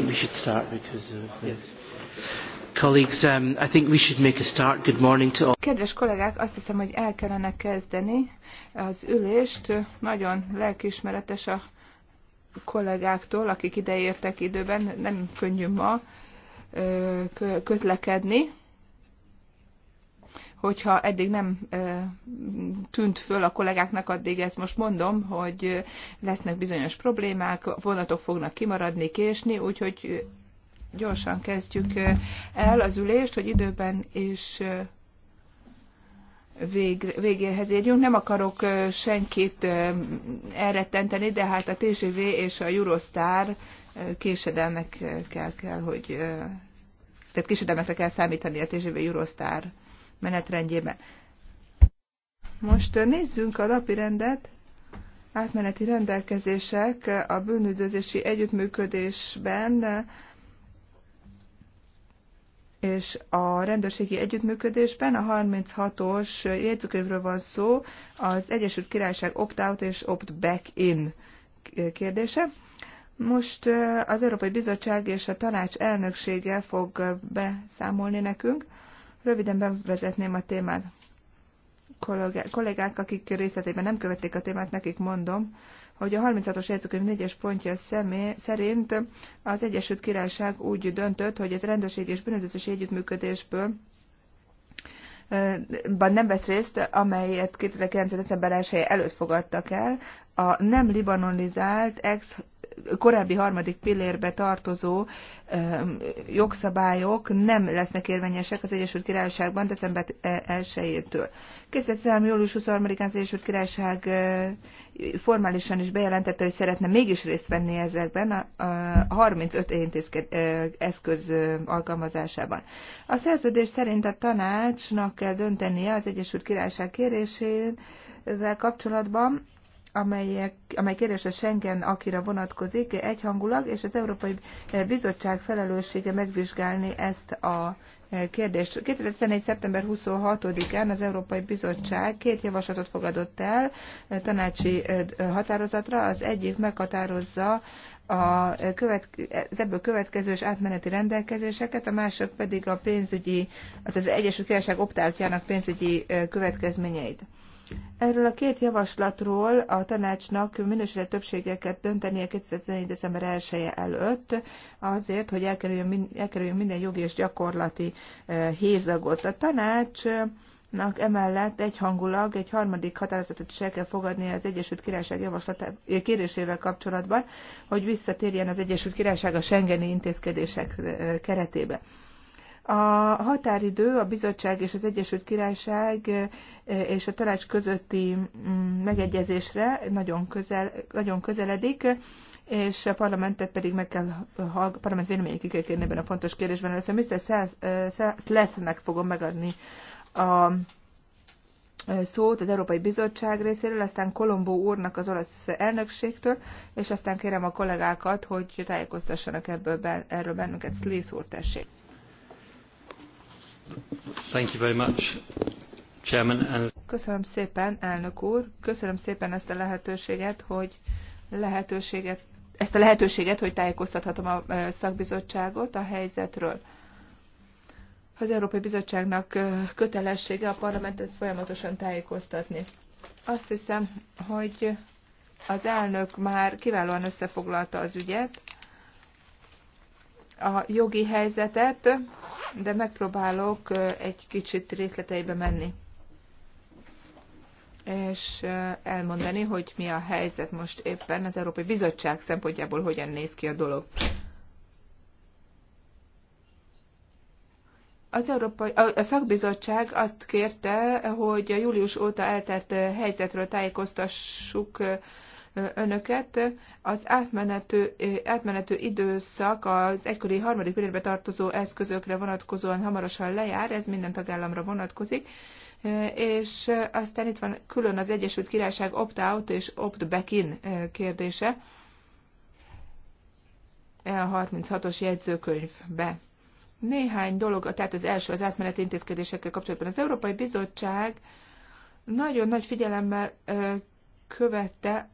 think we should start because of yes. Colleagues, um, I think we should make a start. Good morning to all. Kedves kollégák, azt hiszem, hogy el kellene kezdeni az ülést. Nagyon lelkismeretes a kollégáktól, akik ideértek időben, nem könnyű ma közlekedni hogyha eddig nem tűnt föl a kollégáknak, addig ezt most mondom, hogy lesznek bizonyos problémák, vonatok fognak kimaradni, késni, úgyhogy gyorsan kezdjük el az ülést, hogy időben is vég, végéhez érjünk. Nem akarok senkit elrettenteni, de hát a TGV és a Eurostar késedelmekkel kell, hogy tehát késedelmekre kell számítani a TGV Eurostar menetrendjében. Most nézzünk a napi rendet. Átmeneti rendelkezések a bűnüldözési együttműködésben és a rendőrségi együttműködésben a 36-os jegyzőkönyvről van szó, az Egyesült Királyság opt-out és opt-back-in kérdése. Most az Európai Bizottság és a Tanács elnöksége fog beszámolni nekünk. Röviden bevezetném a témát. Kollégák, akik részletében nem követték a témát, nekik mondom, hogy a 36-os jegyzőkönyv 4-es pontja személy, szerint az Egyesült Királyság úgy döntött, hogy ez rendőrség és bűnözési együttműködésből nem vesz részt, amelyet 2009. december 1 előtt fogadtak el, a nem libanonizált ex korábbi harmadik pillérbe tartozó jogszabályok nem lesznek érvényesek az Egyesült Királyságban december 1-től. Eh, 2013. július 23-án az Egyesült Királyság eh, formálisan is bejelentette, hogy szeretne mégis részt venni ezekben a 35 intézked, eh, eszköz alkalmazásában. A szerződés szerint a tanácsnak kell döntenie az Egyesült Királyság kérésén, vel kapcsolatban amelyek, amely kérdés a Schengen akira vonatkozik egyhangulag, és az Európai Bizottság felelőssége megvizsgálni ezt a e, kérdést. 2011. szeptember 26-án az Európai Bizottság két javaslatot fogadott el e, tanácsi e, határozatra. Az egyik meghatározza a követ, az ebből következő és átmeneti rendelkezéseket, a másik pedig a pénzügyi, az Egyesült Királyság optáltjának pénzügyi következményeit. Erről a két javaslatról a tanácsnak minősített többségeket döntenie 2014. december 1 -e előtt, azért, hogy elkerüljön, elkerüljön minden jogi és gyakorlati eh, hézagot. A tanács emellett egyhangulag egy harmadik határozatot is el kell fogadni az Egyesült Királyság javaslata, eh, kérésével kapcsolatban, hogy visszatérjen az Egyesült Királyság a Schengeni intézkedések eh, keretébe. A határidő a bizottság és az Egyesült Királyság eh, és a tanács közötti mm, megegyezésre nagyon, közel, nagyon közeledik, és a parlamentet pedig meg kell, a parlament véleményét kell kérni ebben a fontos kérdésben. Először Mr. Slethnek fogom megadni a eh, szót az Európai Bizottság részéről, aztán Kolombó úrnak az olasz elnökségtől, és aztán kérem a kollégákat, hogy tájékoztassanak ebből, erről bennünket. Slész úr, tessék! Köszönöm szépen, elnök úr. Köszönöm szépen ezt a lehetőséget, hogy lehetőséget, ezt a lehetőséget, hogy tájékoztathatom a szakbizottságot a helyzetről. Az Európai Bizottságnak kötelessége a parlamentet folyamatosan tájékoztatni. Azt hiszem, hogy az elnök már kiválóan összefoglalta az ügyet, a jogi helyzetet, de megpróbálok egy kicsit részleteibe menni. És elmondani, hogy mi a helyzet most éppen az Európai Bizottság szempontjából hogyan néz ki a dolog. Az Európai, a szakbizottság azt kérte, hogy a július óta eltert helyzetről tájékoztassuk önöket. Az átmenető, átmenető időszak az egykori harmadik pillérbe tartozó eszközökre vonatkozóan hamarosan lejár, ez minden tagállamra vonatkozik és aztán itt van külön az Egyesült Királyság opt-out és opt-back-in kérdése a 36-os jegyzőkönyvbe. Néhány dolog, tehát az első az átmeneti intézkedésekkel kapcsolatban. Az Európai Bizottság nagyon nagy figyelemmel követte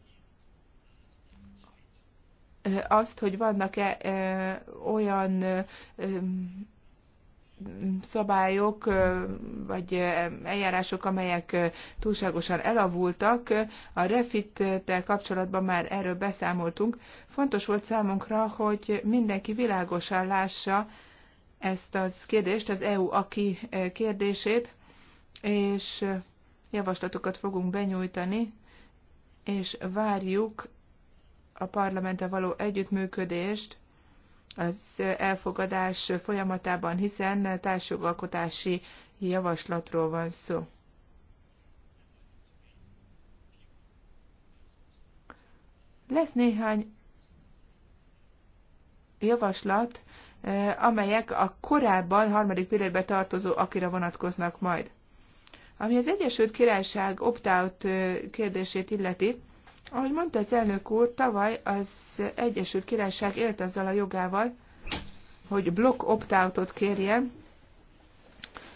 azt, hogy vannak-e olyan szabályok vagy eljárások, amelyek túlságosan elavultak. A refittel kapcsolatban már erről beszámoltunk. Fontos volt számunkra, hogy mindenki világosan lássa ezt az kérdést, az EU aki kérdését, és javaslatokat fogunk benyújtani, és várjuk a parlamente való együttműködést az elfogadás folyamatában, hiszen társjogalkotási javaslatról van szó. Lesz néhány javaslat, amelyek a korábban harmadik pillérbe tartozó akira vonatkoznak majd. Ami az Egyesült Királyság opt-out kérdését illeti, ahogy mondta az elnök úr, tavaly az Egyesült Királyság élt azzal a jogával, hogy block opt-outot kérjen.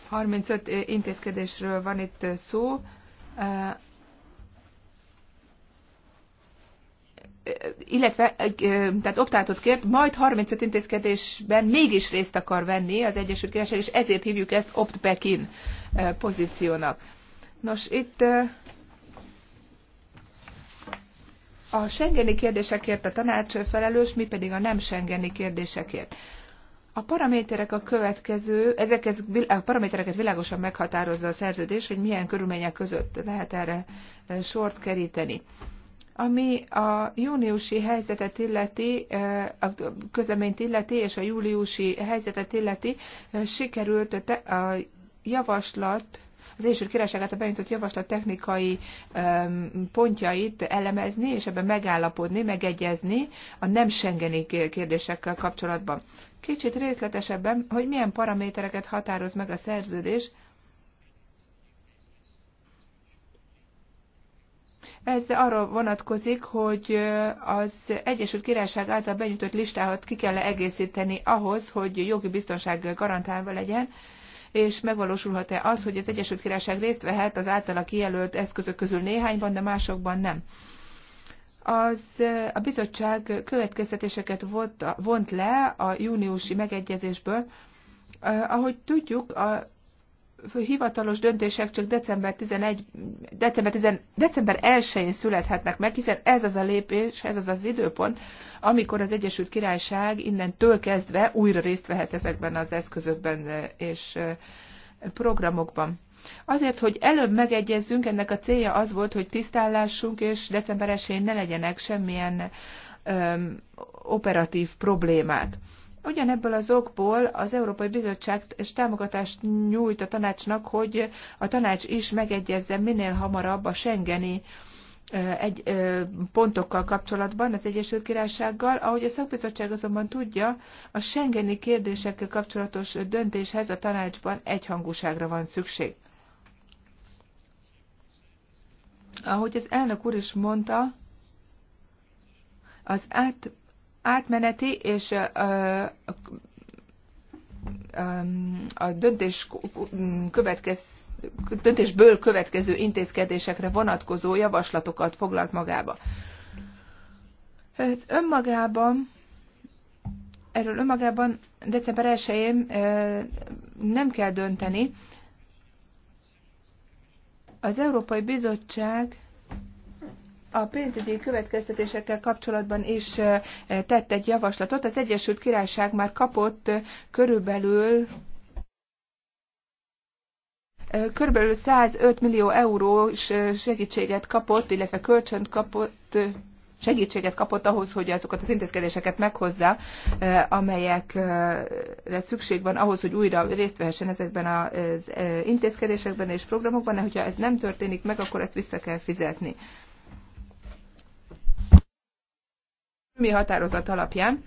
35 intézkedésről van itt szó. illetve egy, tehát optátot kért, majd 35 intézkedésben mégis részt akar venni az Egyesült Királyság, és ezért hívjuk ezt opt-back-in pozíciónak. Nos, itt a Schengeni kérdésekért a tanács felelős, mi pedig a nem Schengeni kérdésekért. A paraméterek a következő, ezek ez, a paramétereket világosan meghatározza a szerződés, hogy milyen körülmények között lehet erre e, sort keríteni. Ami a júniusi helyzetet illeti, e, a közleményt illeti, és a júliusi helyzetet illeti, e, sikerült a javaslat az Egyesült Királyságát a benyújtott javaslat technikai pontjait elemezni, és ebben megállapodni, megegyezni a nem sengeni kérdésekkel kapcsolatban. Kicsit részletesebben, hogy milyen paramétereket határoz meg a szerződés, Ez arról vonatkozik, hogy az Egyesült Királyság által benyújtott listához ki kell egészíteni ahhoz, hogy jogi biztonság garantálva legyen, és megvalósulhat-e az, hogy az Egyesült Királyság részt vehet az általa kijelölt eszközök közül néhányban, de másokban nem. Az, eh, a bizottság következtetéseket vont, vont le a júniusi megegyezésből. Eh, ahogy tudjuk, a hivatalos döntések csak december 11, december, 10, december 1-én születhetnek meg, hiszen ez az a lépés, ez az az időpont, amikor az Egyesült Királyság innentől kezdve újra részt vehet ezekben az eszközökben eh, és eh, programokban. Azért, hogy előbb megegyezzünk, ennek a célja az volt, hogy tisztállásunk, és december 1 ne legyenek semmilyen öm, eh, operatív problémák. Ugyanebből az okból az Európai Bizottság és támogatást nyújt a tanácsnak, hogy a tanács is megegyezze minél hamarabb a Schengeni egy, pontokkal kapcsolatban az Egyesült Királysággal. Ahogy a szakbizottság azonban tudja, a Schengeni kérdésekkel kapcsolatos döntéshez a tanácsban egyhangúságra van szükség. Ahogy az elnök úr is mondta, az át átmeneti és a döntés következ, döntésből következő intézkedésekre vonatkozó javaslatokat foglalt magába. Ez önmagában, erről önmagában december 1-én nem kell dönteni. Az Európai Bizottság a pénzügyi következtetésekkel kapcsolatban is tett egy javaslatot. Az Egyesült Királyság már kapott körülbelül körülbelül 105 millió eurós segítséget kapott, illetve kölcsönt kapott segítséget kapott ahhoz, hogy azokat az intézkedéseket meghozza, amelyekre szükség van ahhoz, hogy újra részt vehessen ezekben az intézkedésekben és programokban, de hogyha ez nem történik meg, akkor ezt vissza kell fizetni. mi határozat alapján.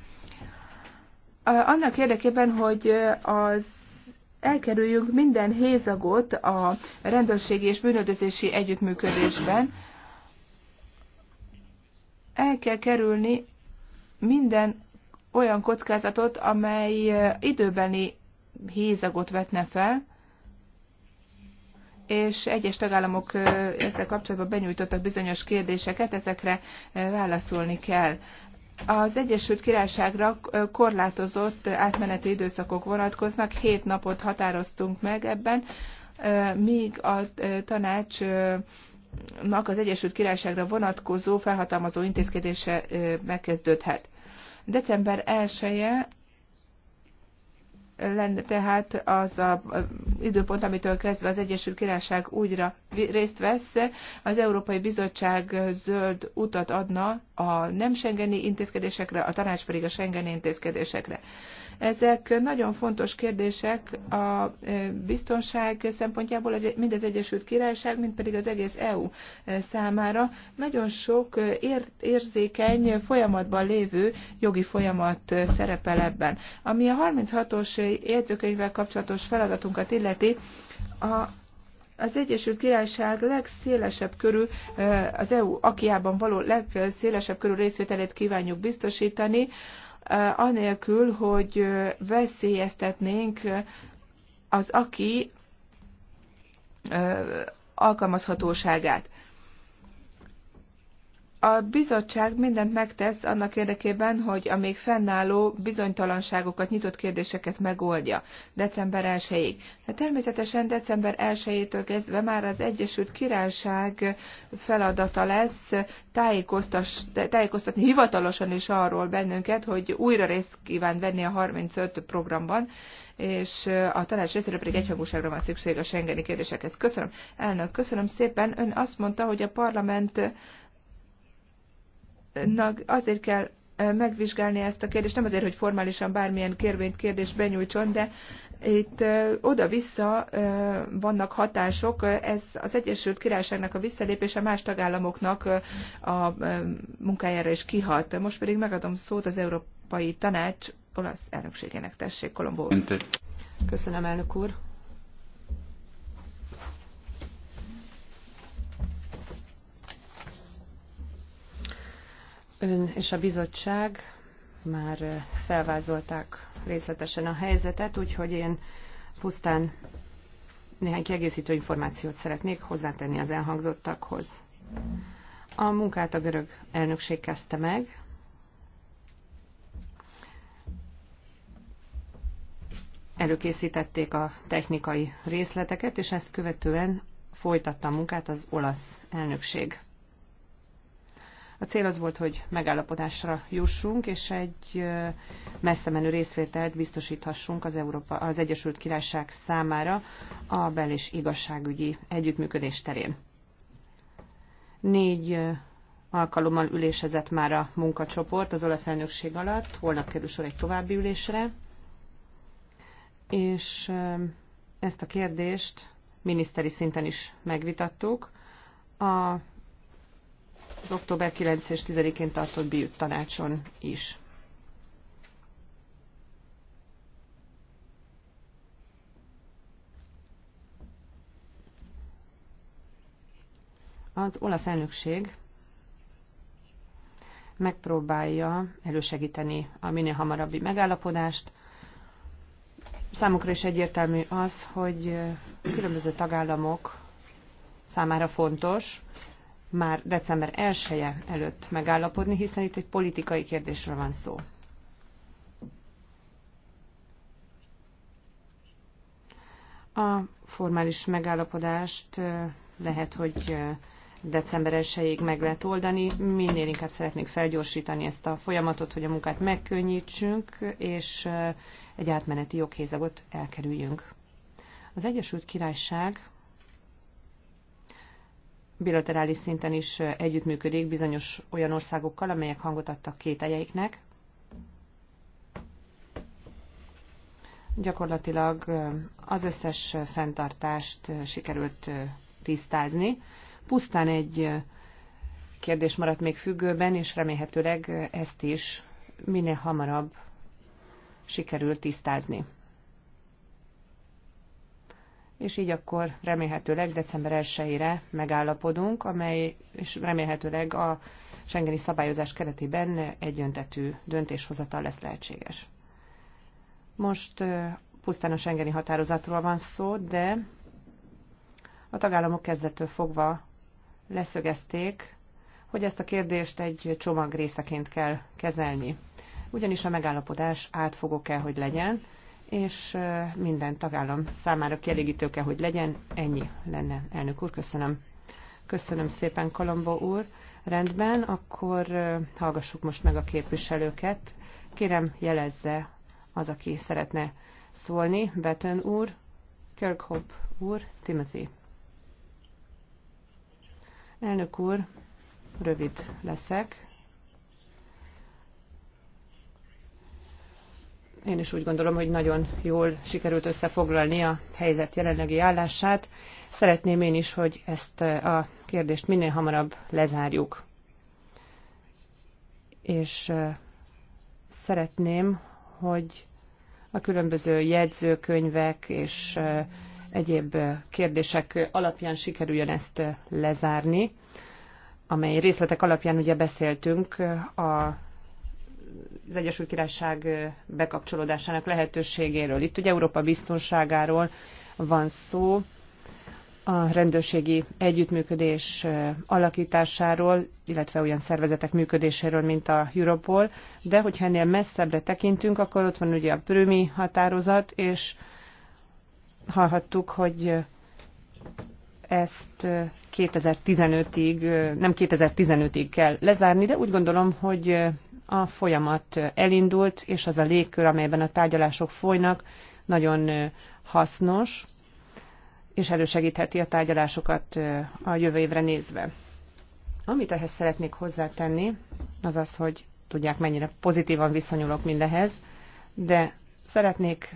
Annak érdekében, hogy az elkerüljünk minden hézagot a rendőrségi és bűnöldözési együttműködésben, el kell kerülni minden olyan kockázatot, amely időbeni hézagot vetne fel, és egyes tagállamok ezzel kapcsolatban benyújtottak bizonyos kérdéseket, ezekre válaszolni kell. Az Egyesült Királyságra korlátozott átmeneti időszakok vonatkoznak, hét napot határoztunk meg ebben, míg a tanács az Egyesült Királyságra vonatkozó felhatalmazó intézkedése megkezdődhet. December 1 -e lenne tehát az a időpont, amitől kezdve az Egyesült Királyság újra részt vesz, az Európai Bizottság zöld utat adna a nem Schengeni intézkedésekre, a tanács pedig a Schengeni intézkedésekre. Ezek nagyon fontos kérdések a e, biztonság szempontjából, e, mind az Egyesült Királyság, mind pedig az egész EU e, számára. Nagyon sok ér- érzékeny folyamatban lévő jogi folyamat szerepel ebben. Ami a 36-os jegyzőkönyvvel kapcsolatos feladatunkat illeti, a az Egyesült Királyság legszélesebb körű, az EU akiában való legszélesebb körű részvételét kívánjuk biztosítani anélkül, hogy veszélyeztetnénk az aki alkalmazhatóságát. A bizottság mindent megtesz annak érdekében, hogy a még fennálló bizonytalanságokat, nyitott kérdéseket megoldja december 1-ig. De természetesen december 1-től kezdve már az Egyesült Királyság feladata lesz tájékoztatni hivatalosan is arról bennünket, hogy újra részt kíván venni a 35 programban, és a tanács részéről pedig egyhangúságra van szükség a Schengeni kérdésekhez. Köszönöm, elnök, köszönöm szépen. Ön azt mondta, hogy a parlament azért kell megvizsgálni ezt a kérdést, nem azért, hogy formálisan bármilyen kérvényt, kérdést benyújtson, de itt oda-vissza vannak hatások, ez az Egyesült Királyságnak a visszalépése más tagállamoknak a munkájára is kihat. Most pedig megadom szót az Európai Tanács olasz elnökségének. Tessék, Kolombó. Köszönöm, elnök úr. Ön és a bizottság már felvázolták részletesen a helyzetet, úgyhogy én pusztán néhány kiegészítő információt szeretnék hozzátenni az elhangzottakhoz. A munkát a görög elnökség kezdte meg. Előkészítették a technikai részleteket, és ezt követően folytatta a munkát az olasz elnökség. A cél az volt, hogy megállapodásra jussunk, és egy messze menő részvételt biztosíthassunk az, Európa, az Egyesült Királyság számára a bel- és igazságügyi együttműködés terén. Négy alkalommal ülésezett már a munkacsoport az olasz elnökség alatt, holnap kerül sor egy további ülésre, és ezt a kérdést miniszteri szinten is megvitattuk. A az október 9 és 10-én tartott BIUT tanácson is. Az olasz elnökség megpróbálja elősegíteni a minél hamarabbi megállapodást. Számukra is egyértelmű az, hogy különböző tagállamok számára fontos, már december 1 -e előtt megállapodni, hiszen itt egy politikai kérdésről van szó. A formális megállapodást lehet, hogy december 1 meg lehet oldani. Minél inkább szeretnénk felgyorsítani ezt a folyamatot, hogy a munkát megkönnyítsünk, és egy átmeneti joghézagot elkerüljünk. Az Egyesült Királyság bilaterális szinten is együttműködik bizonyos olyan országokkal, amelyek hangot adtak kételjeiknek. Gyakorlatilag az összes fenntartást sikerült tisztázni. Pusztán egy kérdés maradt még függőben, és remélhetőleg ezt is minél hamarabb sikerült tisztázni és így akkor remélhetőleg december 1-ére megállapodunk, amely és remélhetőleg a Schengeni szabályozás keretében egyöntetű döntéshozatal lesz lehetséges. Most pusztán a Schengeni határozatról van szó, de a tagállamok kezdettől fogva leszögezték, hogy ezt a kérdést egy csomag részeként kell kezelni. Ugyanis a megállapodás átfogó kell, hogy legyen, és minden tagállam számára kielégítő kell, hogy legyen. Ennyi lenne, elnök úr, köszönöm. Köszönöm szépen, Kolombo úr. Rendben, akkor hallgassuk most meg a képviselőket. Kérem, jelezze az, aki szeretne szólni. Betten úr, Kirkhope úr, Timothy. Elnök úr, rövid leszek. Én is úgy gondolom, hogy nagyon jól sikerült összefoglalni a helyzet jelenlegi állását. Szeretném én is, hogy ezt eh, a kérdést minél hamarabb lezárjuk. És eh, szeretném, hogy a különböző jegyzőkönyvek és eh, egyéb kérdések alapján sikerüljön ezt lezárni, amely részletek alapján ugye beszéltünk a az Egyesült Királyság bekapcsolódásának lehetőségéről. Itt ugye Európa biztonságáról van szó, a rendőrségi együttműködés alakításáról, illetve olyan szervezetek működéséről, mint a Europol, de hogyha ennél messzebbre tekintünk, akkor ott van ugye a prümi határozat, és hallhattuk, hogy ezt 2015-ig, nem 2015-ig kell lezárni, de úgy gondolom, hogy a folyamat elindult, és az a légkör, amelyben a tárgyalások folynak, nagyon hasznos, és elősegítheti a tárgyalásokat a jövő évre nézve. Amit ehhez szeretnék hozzátenni, az az, hogy tudják, mennyire pozitívan viszonyulok mindehez, de szeretnék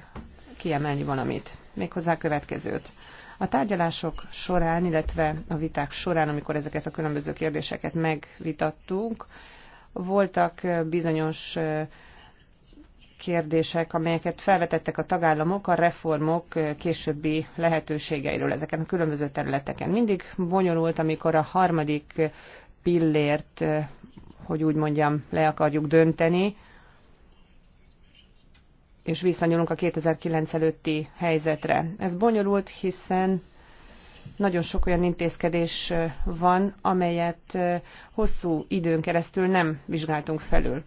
kiemelni valamit, méghozzá a következőt. A tárgyalások során, illetve a viták során, amikor ezeket a különböző kérdéseket megvitattunk, voltak bizonyos kérdések, amelyeket felvetettek a tagállamok a reformok későbbi lehetőségeiről ezeken a különböző területeken. Mindig bonyolult, amikor a harmadik pillért, hogy úgy mondjam, le akarjuk dönteni, és visszanyúlunk a 2009 előtti helyzetre. Ez bonyolult, hiszen nagyon sok olyan intézkedés van, amelyet hosszú időn keresztül nem vizsgáltunk felül.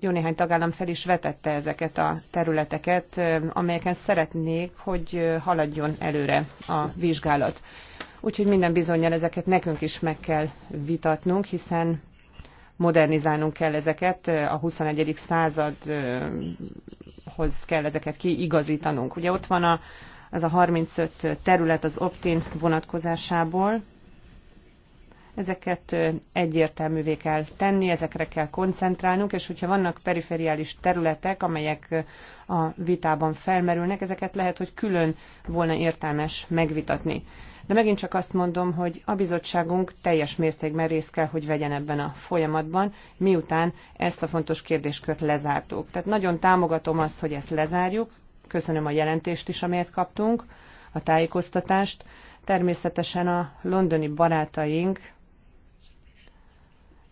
Jó néhány tagállam fel is vetette ezeket a területeket, amelyeken szeretnék, hogy haladjon előre a vizsgálat. Úgyhogy minden bizonyal ezeket nekünk is meg kell vitatnunk, hiszen modernizálnunk kell ezeket, a 21. századhoz kell ezeket kiigazítanunk. Ugye ott van a ez a 35 terület az optin vonatkozásából. Ezeket egyértelművé kell tenni, ezekre kell koncentrálnunk, és hogyha vannak perifériális területek, amelyek a vitában felmerülnek, ezeket lehet, hogy külön volna értelmes megvitatni. De megint csak azt mondom, hogy a bizottságunk teljes mértékben részt kell, hogy vegyen ebben a folyamatban, miután ezt a fontos kérdéskört lezártuk. Tehát nagyon támogatom azt, hogy ezt lezárjuk, köszönöm a jelentést is, amelyet kaptunk, a tájékoztatást. Természetesen a londoni barátaink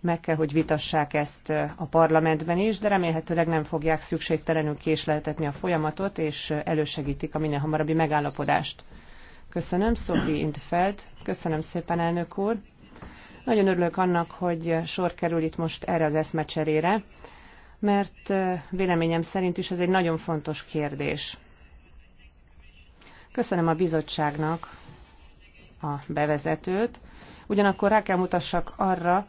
meg kell, hogy vitassák ezt a parlamentben is, de remélhetőleg nem fogják szükségtelenül késleltetni a folyamatot, és elősegítik a minél hamarabbi megállapodást. Köszönöm, Sophie Intfeld. Köszönöm szépen, elnök úr. Nagyon örülök annak, hogy sor kerül itt most erre az eszmecserére mert véleményem szerint is ez egy nagyon fontos kérdés. Köszönöm a bizottságnak a bevezetőt, ugyanakkor rá kell mutassak arra,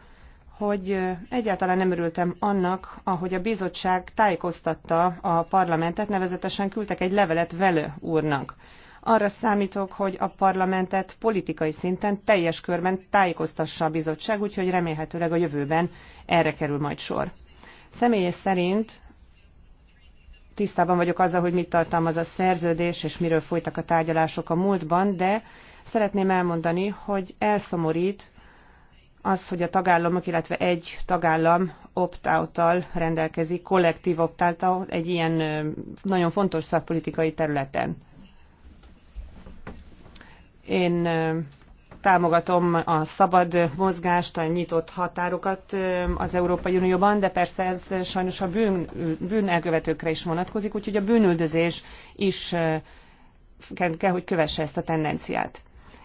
hogy egyáltalán nem örültem annak, ahogy a bizottság tájékoztatta a parlamentet, nevezetesen küldtek egy levelet Velő úrnak. Arra számítok, hogy a parlamentet politikai szinten teljes körben tájékoztassa a bizottság, úgyhogy remélhetőleg a jövőben erre kerül majd sor. Személyes szerint tisztában vagyok azzal, hogy mit tartalmaz a szerződés, és miről folytak a tárgyalások a múltban, de szeretném elmondani, hogy elszomorít az, hogy a tagállamok, illetve egy tagállam opt out rendelkezik, kollektív opt out egy ilyen nagyon fontos szakpolitikai területen. Én támogatom a szabad mozgást, a nyitott határokat az Európai Unióban, de persze ez sajnos a bűn, bűn elkövetőkre is vonatkozik, úgyhogy a bűnüldözés is kell, kell, hogy kövesse ezt a tendenciát.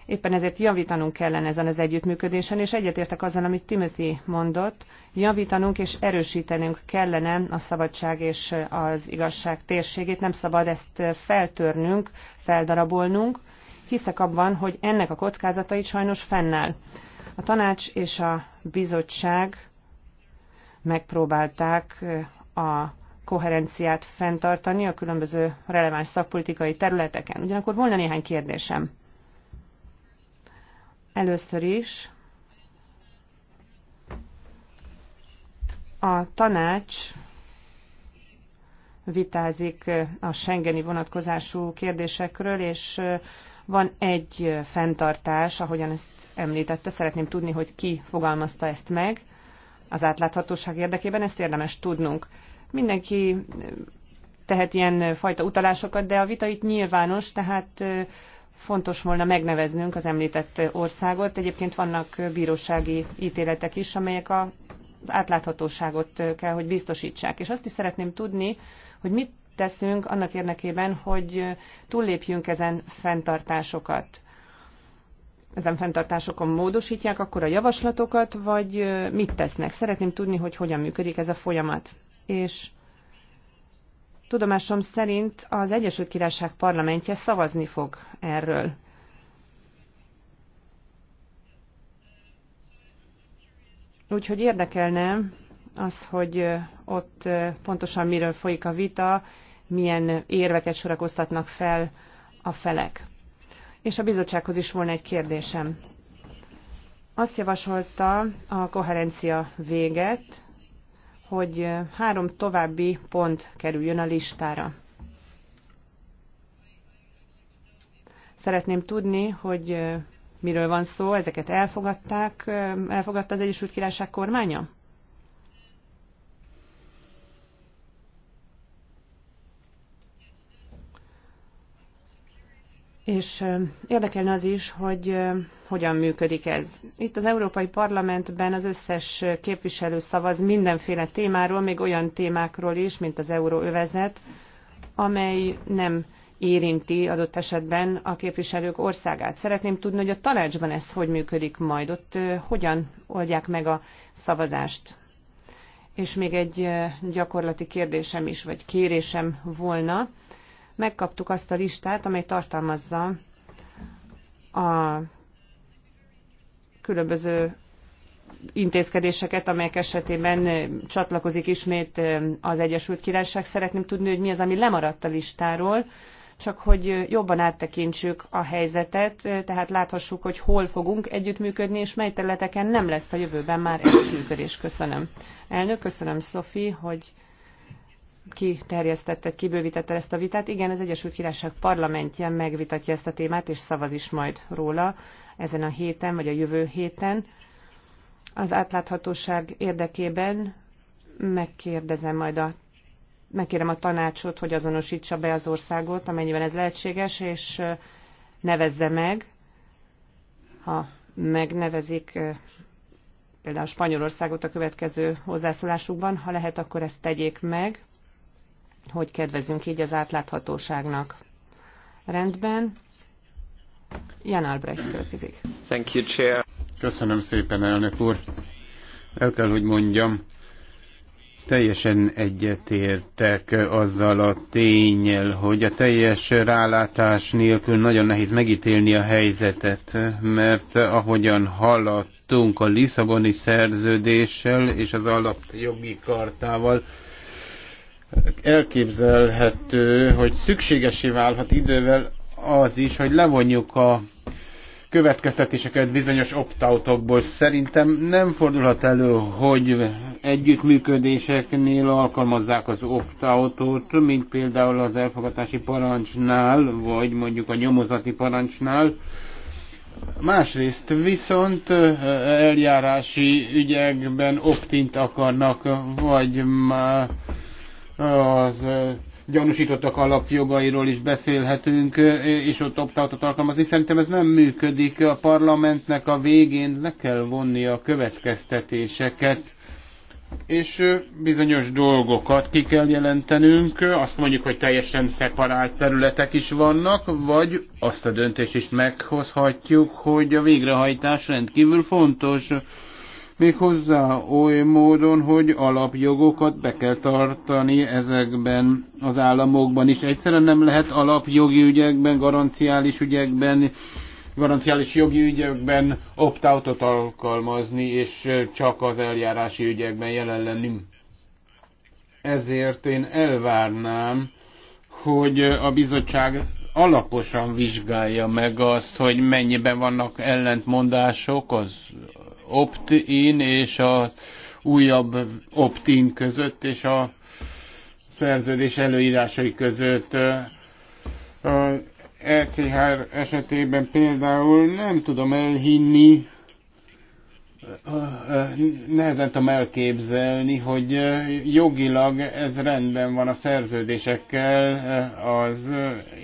Éppen ezért javítanunk kellene ezen az együttműködésen, és egyetértek azzal, amit Timothy mondott, javítanunk és erősítenünk kellene a szabadság és az igazság térségét, nem szabad ezt feltörnünk, feldarabolnunk, hiszek abban, hogy ennek a kockázatait sajnos fennáll. A tanács és a bizottság megpróbálták eh, a koherenciát fenntartani a különböző releváns szakpolitikai területeken. Ugyanakkor volna néhány kérdésem. Először is a tanács vitázik eh, a Schengeni vonatkozású kérdésekről, és eh, van egy fenntartás, ahogyan ezt említette, szeretném tudni, hogy ki fogalmazta ezt meg az átláthatóság érdekében, ezt érdemes tudnunk. Mindenki tehet ilyen fajta utalásokat, de a vita itt nyilvános, tehát fontos volna megneveznünk az említett országot. Egyébként vannak bírósági ítéletek is, amelyek az átláthatóságot kell, hogy biztosítsák. És azt is szeretném tudni, hogy mit teszünk annak érdekében, hogy túllépjünk ezen fenntartásokat? Ezen fenntartásokon módosítják akkor a javaslatokat, vagy mit tesznek? Szeretném tudni, hogy hogyan működik ez a folyamat. És tudomásom szerint az Egyesült Királyság parlamentje szavazni fog erről. Úgyhogy érdekelne az, hogy ott pontosan miről folyik a vita, milyen érveket sorakoztatnak fel a felek. És a bizottsághoz is volna egy kérdésem. Azt javasolta a koherencia véget, hogy három további pont kerüljön a listára. Szeretném tudni, hogy eh, miről van szó, ezeket elfogadták, eh, elfogadta az Egyesült Királyság kormánya? és érdekelne az is, hogy hogyan működik ez. Itt az Európai Parlamentben az összes képviselő szavaz mindenféle témáról, még olyan témákról is, mint az euróövezet, amely nem érinti adott esetben a képviselők országát. Szeretném tudni, hogy a tanácsban ez hogy működik majd, ott hogyan oldják meg a szavazást. És még egy gyakorlati kérdésem is, vagy kérésem volna megkaptuk azt a listát, amely tartalmazza a különböző intézkedéseket, amelyek esetében csatlakozik ismét az Egyesült Királyság. Szeretném tudni, hogy mi az, ami lemaradt a listáról, csak hogy jobban áttekintsük a helyzetet, tehát láthassuk, hogy hol fogunk együttműködni, és mely területeken nem lesz a jövőben már együttműködés. Köszönöm. Elnök, köszönöm, Szofi, hogy kiterjesztette, kibővítette ezt a vitát. Igen, az Egyesült Királyság parlamentje megvitatja ezt a témát, és szavaz is majd róla ezen a héten, vagy a jövő héten. Az átláthatóság érdekében megkérdezem majd a megkérem a tanácsot, hogy azonosítsa be az országot, amennyiben ez lehetséges, és nevezze meg, ha megnevezik például Spanyolországot a következő hozzászólásukban, ha lehet, akkor ezt tegyék meg, hogy kedvezünk így az átláthatóságnak. Rendben. Jan Albrecht következik. Thank you, Chair. Köszönöm szépen, elnök úr. El kell, hogy mondjam, teljesen egyetértek azzal a tényel, hogy a teljes rálátás nélkül nagyon nehéz megítélni a helyzetet, mert ahogyan haladtunk a Lisszaboni szerződéssel és az alapjogi kartával, elképzelhető, hogy szükségesé válhat idővel az is, hogy levonjuk a következtetéseket bizonyos opt-outokból. Szerintem nem fordulhat elő, hogy együttműködéseknél alkalmazzák az opt-outot, mint például az elfogatási parancsnál, vagy mondjuk a nyomozati parancsnál. Másrészt viszont eljárási ügyekben optint akarnak, vagy már az gyanúsítottak alapjogairól is beszélhetünk, és ott optáltat tartalmazni. Szerintem ez nem működik. A parlamentnek a végén le kell vonni a következtetéseket, és bizonyos dolgokat ki kell jelentenünk. Azt mondjuk, hogy teljesen szeparált területek is vannak, vagy azt a döntést is meghozhatjuk, hogy a végrehajtás rendkívül fontos méghozzá oly módon, hogy alapjogokat be kell tartani ezekben az államokban is. Egyszerűen nem lehet alapjogi ügyekben, garanciális ügyekben, garanciális jogi ügyekben opt-outot alkalmazni, és csak az eljárási ügyekben jelen lenni. Ezért én elvárnám, hogy a bizottság alaposan vizsgálja meg azt, hogy mennyiben vannak ellentmondások az opt-in és a újabb opt-in között, és a szerződés előírásai között. A ECHR esetében például nem tudom elhinni, nehezen tudom elképzelni, hogy jogilag ez rendben van a szerződésekkel az,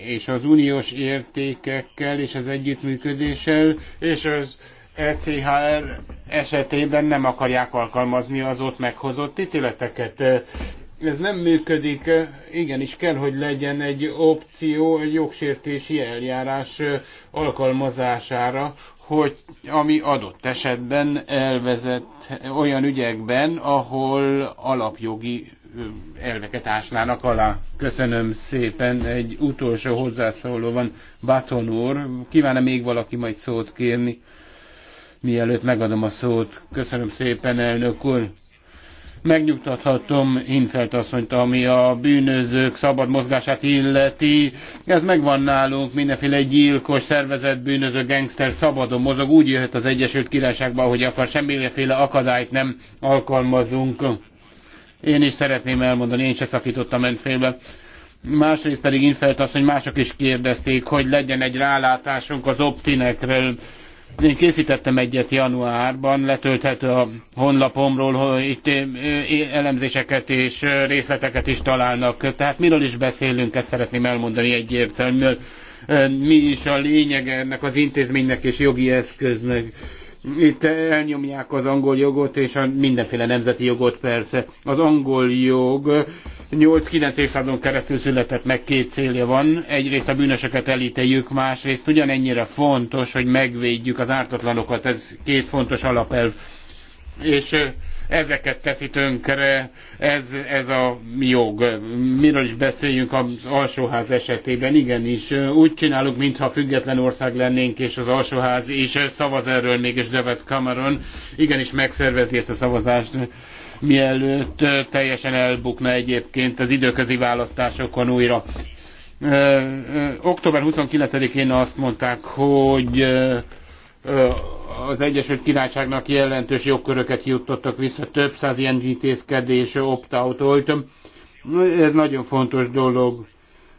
és az uniós értékekkel és az együttműködéssel, és az ECHR esetében nem akarják alkalmazni az ott meghozott ítéleteket. Ez nem működik, igenis kell, hogy legyen egy opció egy jogsértési eljárás alkalmazására, hogy ami adott esetben elvezet olyan ügyekben, ahol alapjogi elveket ásnának alá. Köszönöm szépen. Egy utolsó hozzászóló van, Baton úr. Kívánna még valaki majd szót kérni? mielőtt megadom a szót. Köszönöm szépen, elnök úr. Megnyugtathatom Infelt asszonyt, ami a bűnözők szabad mozgását illeti. Ez megvan nálunk, mindenféle gyilkos, szervezett bűnöző, gangster szabadon mozog, úgy jöhet az Egyesült Királyságba, hogy akar, semmiféle akadályt nem alkalmazunk. Én is szeretném elmondani, én se szakítottam ent másrészt pedig infelt azt, hogy mások is kérdezték, hogy legyen egy rálátásunk az optinekről. Én készítettem egyet januárban, letölthető a honlapomról, hogy itt elemzéseket és részleteket is találnak. Tehát miről is beszélünk, ezt szeretném elmondani egyértelműen. Mi is a lényeg ennek az intézménynek és jogi eszköznek itt elnyomják az angol jogot, és a mindenféle nemzeti jogot persze. Az angol jog 8-9 évszázadon keresztül született meg, két célja van. Egyrészt a bűnösöket elítéljük, másrészt ugyanennyire fontos, hogy megvédjük az ártatlanokat. Ez két fontos alapelv. És ezeket teszi tönkre ez, ez a jog. Miről is beszéljünk az alsóház esetében? Igenis, úgy csinálunk, mintha független ország lennénk, és az alsóház is szavaz erről mégis Devet Cameron. Igenis megszervezi ezt a szavazást mielőtt teljesen elbukna egyébként az időközi választásokon újra. Október 29-én azt mondták, hogy az Egyesült Királyságnak jelentős jogköröket juttottak vissza, több száz ilyen intézkedés, opt-out, olt. Ez nagyon fontos dolog.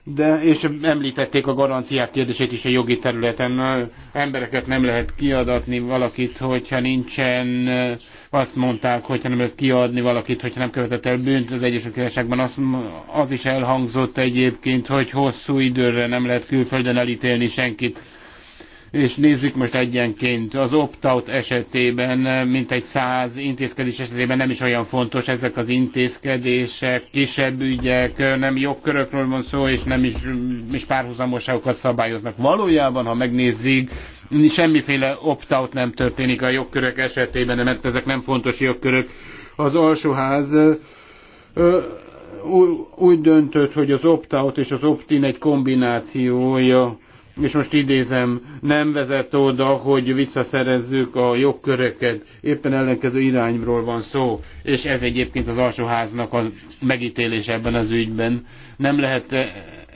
De, és említették a garanciák kérdését is a jogi területen. Embereket nem lehet kiadatni valakit, hogyha nincsen, azt mondták, hogyha nem lehet kiadni valakit, hogyha nem követett el bűnt az Egyesült Királyságban. Az, az is elhangzott egyébként, hogy hosszú időre nem lehet külföldön elítélni senkit és nézzük most egyenként, az opt-out esetében, mint egy száz intézkedés esetében nem is olyan fontos ezek az intézkedések, kisebb ügyek, nem jogkörökről van szó, és nem is, is párhuzamoságokat szabályoznak. Valójában, ha megnézzük, semmiféle opt-out nem történik a jogkörök esetében, mert ezek nem fontos jogkörök. Az alsóház ö, úgy döntött, hogy az opt-out és az opt-in egy kombinációja és most idézem, nem vezet oda, hogy visszaszerezzük a jogköröket, éppen ellenkező irányról van szó, és ez egyébként az alsóháznak a megítélése ebben az ügyben. Nem lehet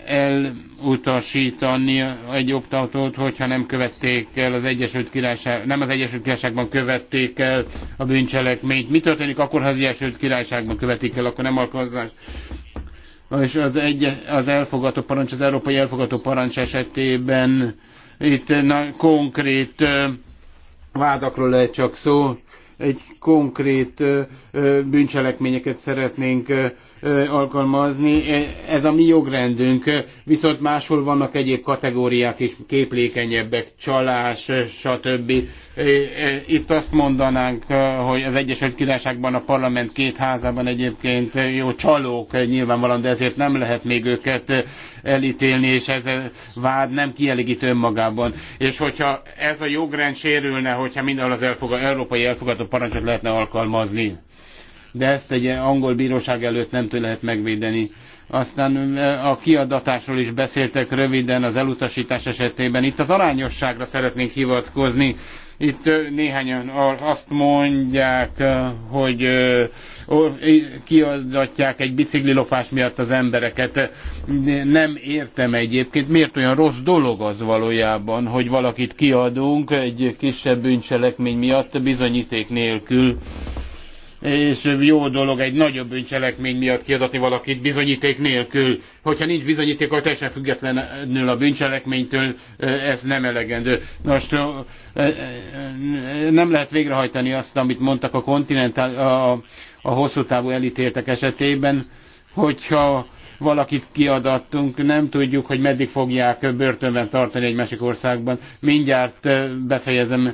elutasítani egy optautót, hogyha nem követték el az Egyesült Királyság, nem az Egyesült Királyságban követték el a bűncselekményt. Mi történik akkor, ha az Egyesült Királyságban követik el, akkor nem alkalmazás és az, egy, az elfogadó parancs, az európai elfogadó parancs esetében itt na, konkrét ö, vádakról lehet csak szó, egy konkrét ö, bűncselekményeket szeretnénk alkalmazni. Ez a mi jogrendünk, viszont máshol vannak egyéb kategóriák is, képlékenyebbek, csalás, stb. Itt azt mondanánk, hogy az Egyesült Királyságban a parlament két házában egyébként jó csalók nyilvánvalóan, de ezért nem lehet még őket elítélni, és ez a vád nem kielégítő önmagában. És hogyha ez a jogrend sérülne, hogyha mindenhol az elfogad, európai elfogadó parancsot lehetne alkalmazni, de ezt egy angol bíróság előtt nem lehet megvédeni. Aztán eh, a kiadatásról is beszéltek röviden az elutasítás esetében. Itt az arányosságra szeretnénk hivatkozni. Itt eh, néhányan azt mondják, eh, hogy kiadatják egy biciklilopás miatt az embereket. Nem értem egyébként, miért olyan rossz dolog az valójában, hogy valakit kiadunk egy kisebb bűncselekmény miatt bizonyíték nélkül és jó dolog egy nagyobb bűncselekmény miatt kiadatni valakit bizonyíték nélkül. Hogyha nincs bizonyíték, akkor teljesen függetlenül a bűncselekménytől eh, ez nem elegendő. Most eh, eh, nem lehet végrehajtani azt, amit mondtak a kontinentál, a, a hosszú távú elítéltek esetében, hogyha valakit kiadattunk, nem tudjuk, hogy meddig fogják börtönben tartani egy másik országban. Mindjárt befejezem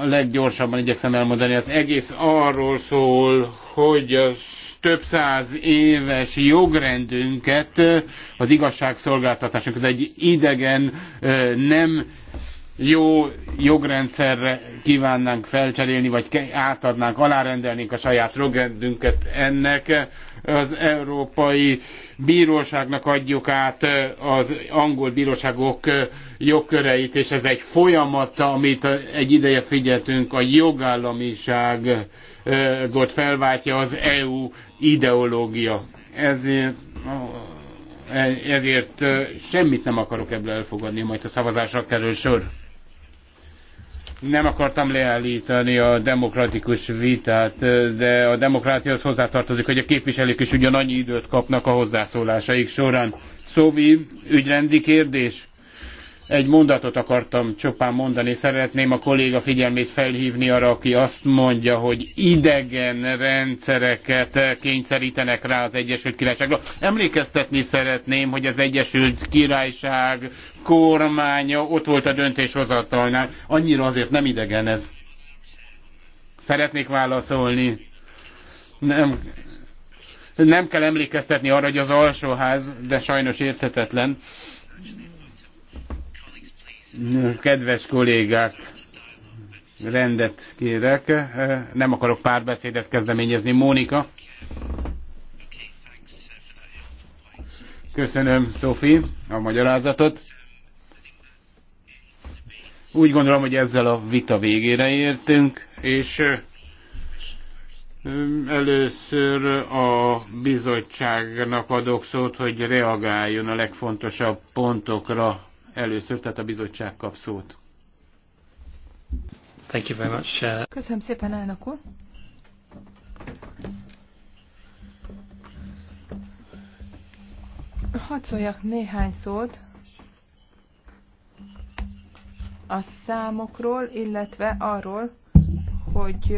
a leggyorsabban igyekszem elmondani, az egész arról szól, hogy a több száz éves jogrendünket, az igazságszolgáltatásunk, egy idegen, nem jó jogrendszerre kívánnánk felcserélni, vagy átadnánk, alárendelnénk a saját jogrendünket ennek. Az Európai Bíróságnak adjuk át az angol bíróságok jogköreit, és ez egy folyamata, amit egy ideje figyeltünk, a jogállamiságot felváltja az EU ideológia. Ezért ezért semmit nem akarok ebből elfogadni, majd a szavazásra kerül sor nem akartam leállítani a demokratikus vitát, de a demokráciához hozzátartozik, hogy a képviselők is ugyanannyi időt kapnak a hozzászólásaik során. Szóvi, ügyrendi kérdés? Egy mondatot akartam csupán mondani, szeretném a kolléga figyelmét felhívni arra, aki azt mondja, hogy idegen rendszereket kényszerítenek rá az Egyesült Királyságra. Emlékeztetni szeretném, hogy az Egyesült Királyság kormánya ott volt a döntéshozatalnál. Annyira azért nem idegen ez. Szeretnék válaszolni. Nem, nem kell emlékeztetni arra, hogy az alsóház, de sajnos érthetetlen, Kedves kollégák, rendet kérek. Nem akarok párbeszédet kezdeményezni. Mónika. Köszönöm, Szofi, a magyarázatot. Úgy gondolom, hogy ezzel a vita végére értünk, és Először a bizottságnak adok szót, hogy reagáljon a legfontosabb pontokra, Először, tehát a bizottság kap szót. Thank you very much. Köszönöm szépen, elnök úr. Hadd szóljak néhány szót a számokról, illetve arról, hogy,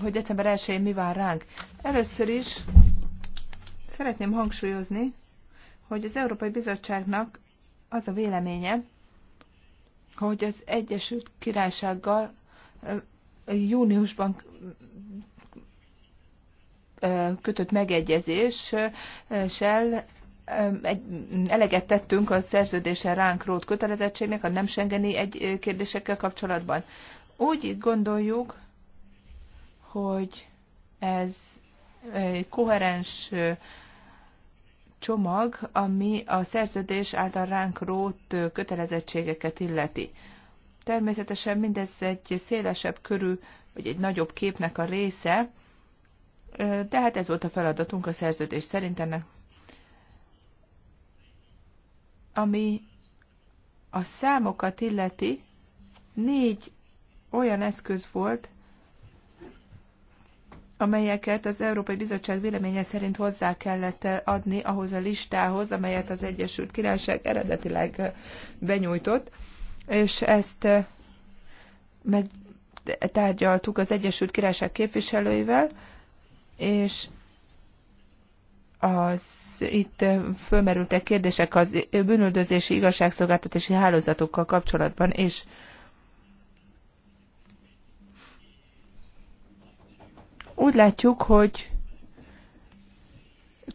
hogy december 1-én mi vár ránk. Először is szeretném hangsúlyozni, hogy az Európai Bizottságnak az a véleménye, hogy az Egyesült Királysággal júniusban kötött megegyezéssel eleget tettünk a szerződésen ránk rót kötelezettségnek a nem Schengeni egy kérdésekkel kapcsolatban. Úgy gondoljuk, hogy ez koherens csomag, ami a szerződés által ránk rót kötelezettségeket illeti. Természetesen mindez egy szélesebb körű, vagy egy nagyobb képnek a része, de hát ez volt a feladatunk a szerződés szerint ennek. Ami a számokat illeti, négy olyan eszköz volt, amelyeket az Európai Bizottság véleménye szerint hozzá kellett adni ahhoz a listához, amelyet az Egyesült Királyság eredetileg benyújtott, és ezt eh, megtárgyaltuk az Egyesült Királyság képviselőivel, és az itt fölmerültek kérdések az bűnöldözési igazságszolgáltatási hálózatokkal kapcsolatban, és Úgy látjuk, hogy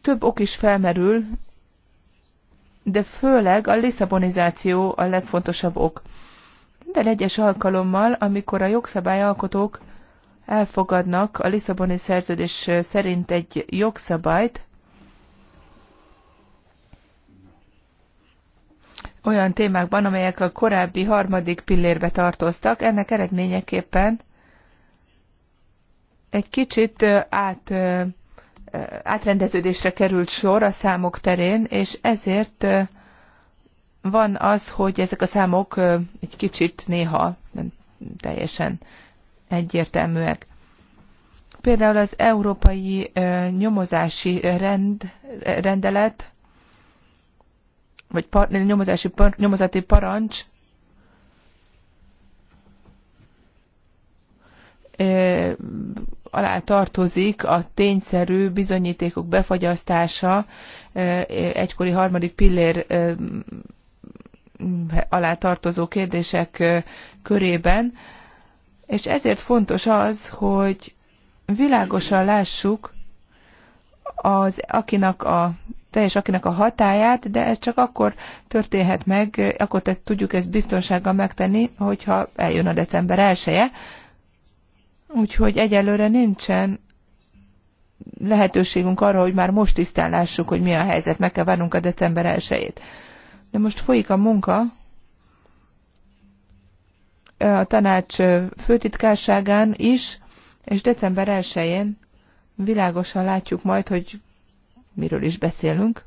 több ok is felmerül, de főleg a liszabonizáció a legfontosabb ok. Minden egyes alkalommal, amikor a jogszabályalkotók elfogadnak a Lisszaboni szerződés szerint egy jogszabályt, olyan témákban, amelyek a korábbi harmadik pillérbe tartoztak, ennek eredményeképpen egy kicsit át, átrendeződésre került sor a számok terén, és ezért van az, hogy ezek a számok egy kicsit néha nem teljesen egyértelműek. Például az európai nyomozási rend, rendelet, vagy par, nyomozási, par, nyomozati parancs, alá tartozik a tényszerű bizonyítékok befagyasztása egykori harmadik pillér alá tartozó kérdések körében, és ezért fontos az, hogy világosan lássuk az, akinek a teljes akinek a hatáját, de ez csak akkor történhet meg, akkor tudjuk ezt biztonsággal megtenni, hogyha eljön a december elsője. Úgyhogy egyelőre nincsen lehetőségünk arra, hogy már most tisztán lássuk, hogy mi a helyzet, meg kell várnunk a december 1 De most folyik a munka a tanács főtitkárságán is, és december 1-én világosan látjuk majd, hogy miről is beszélünk.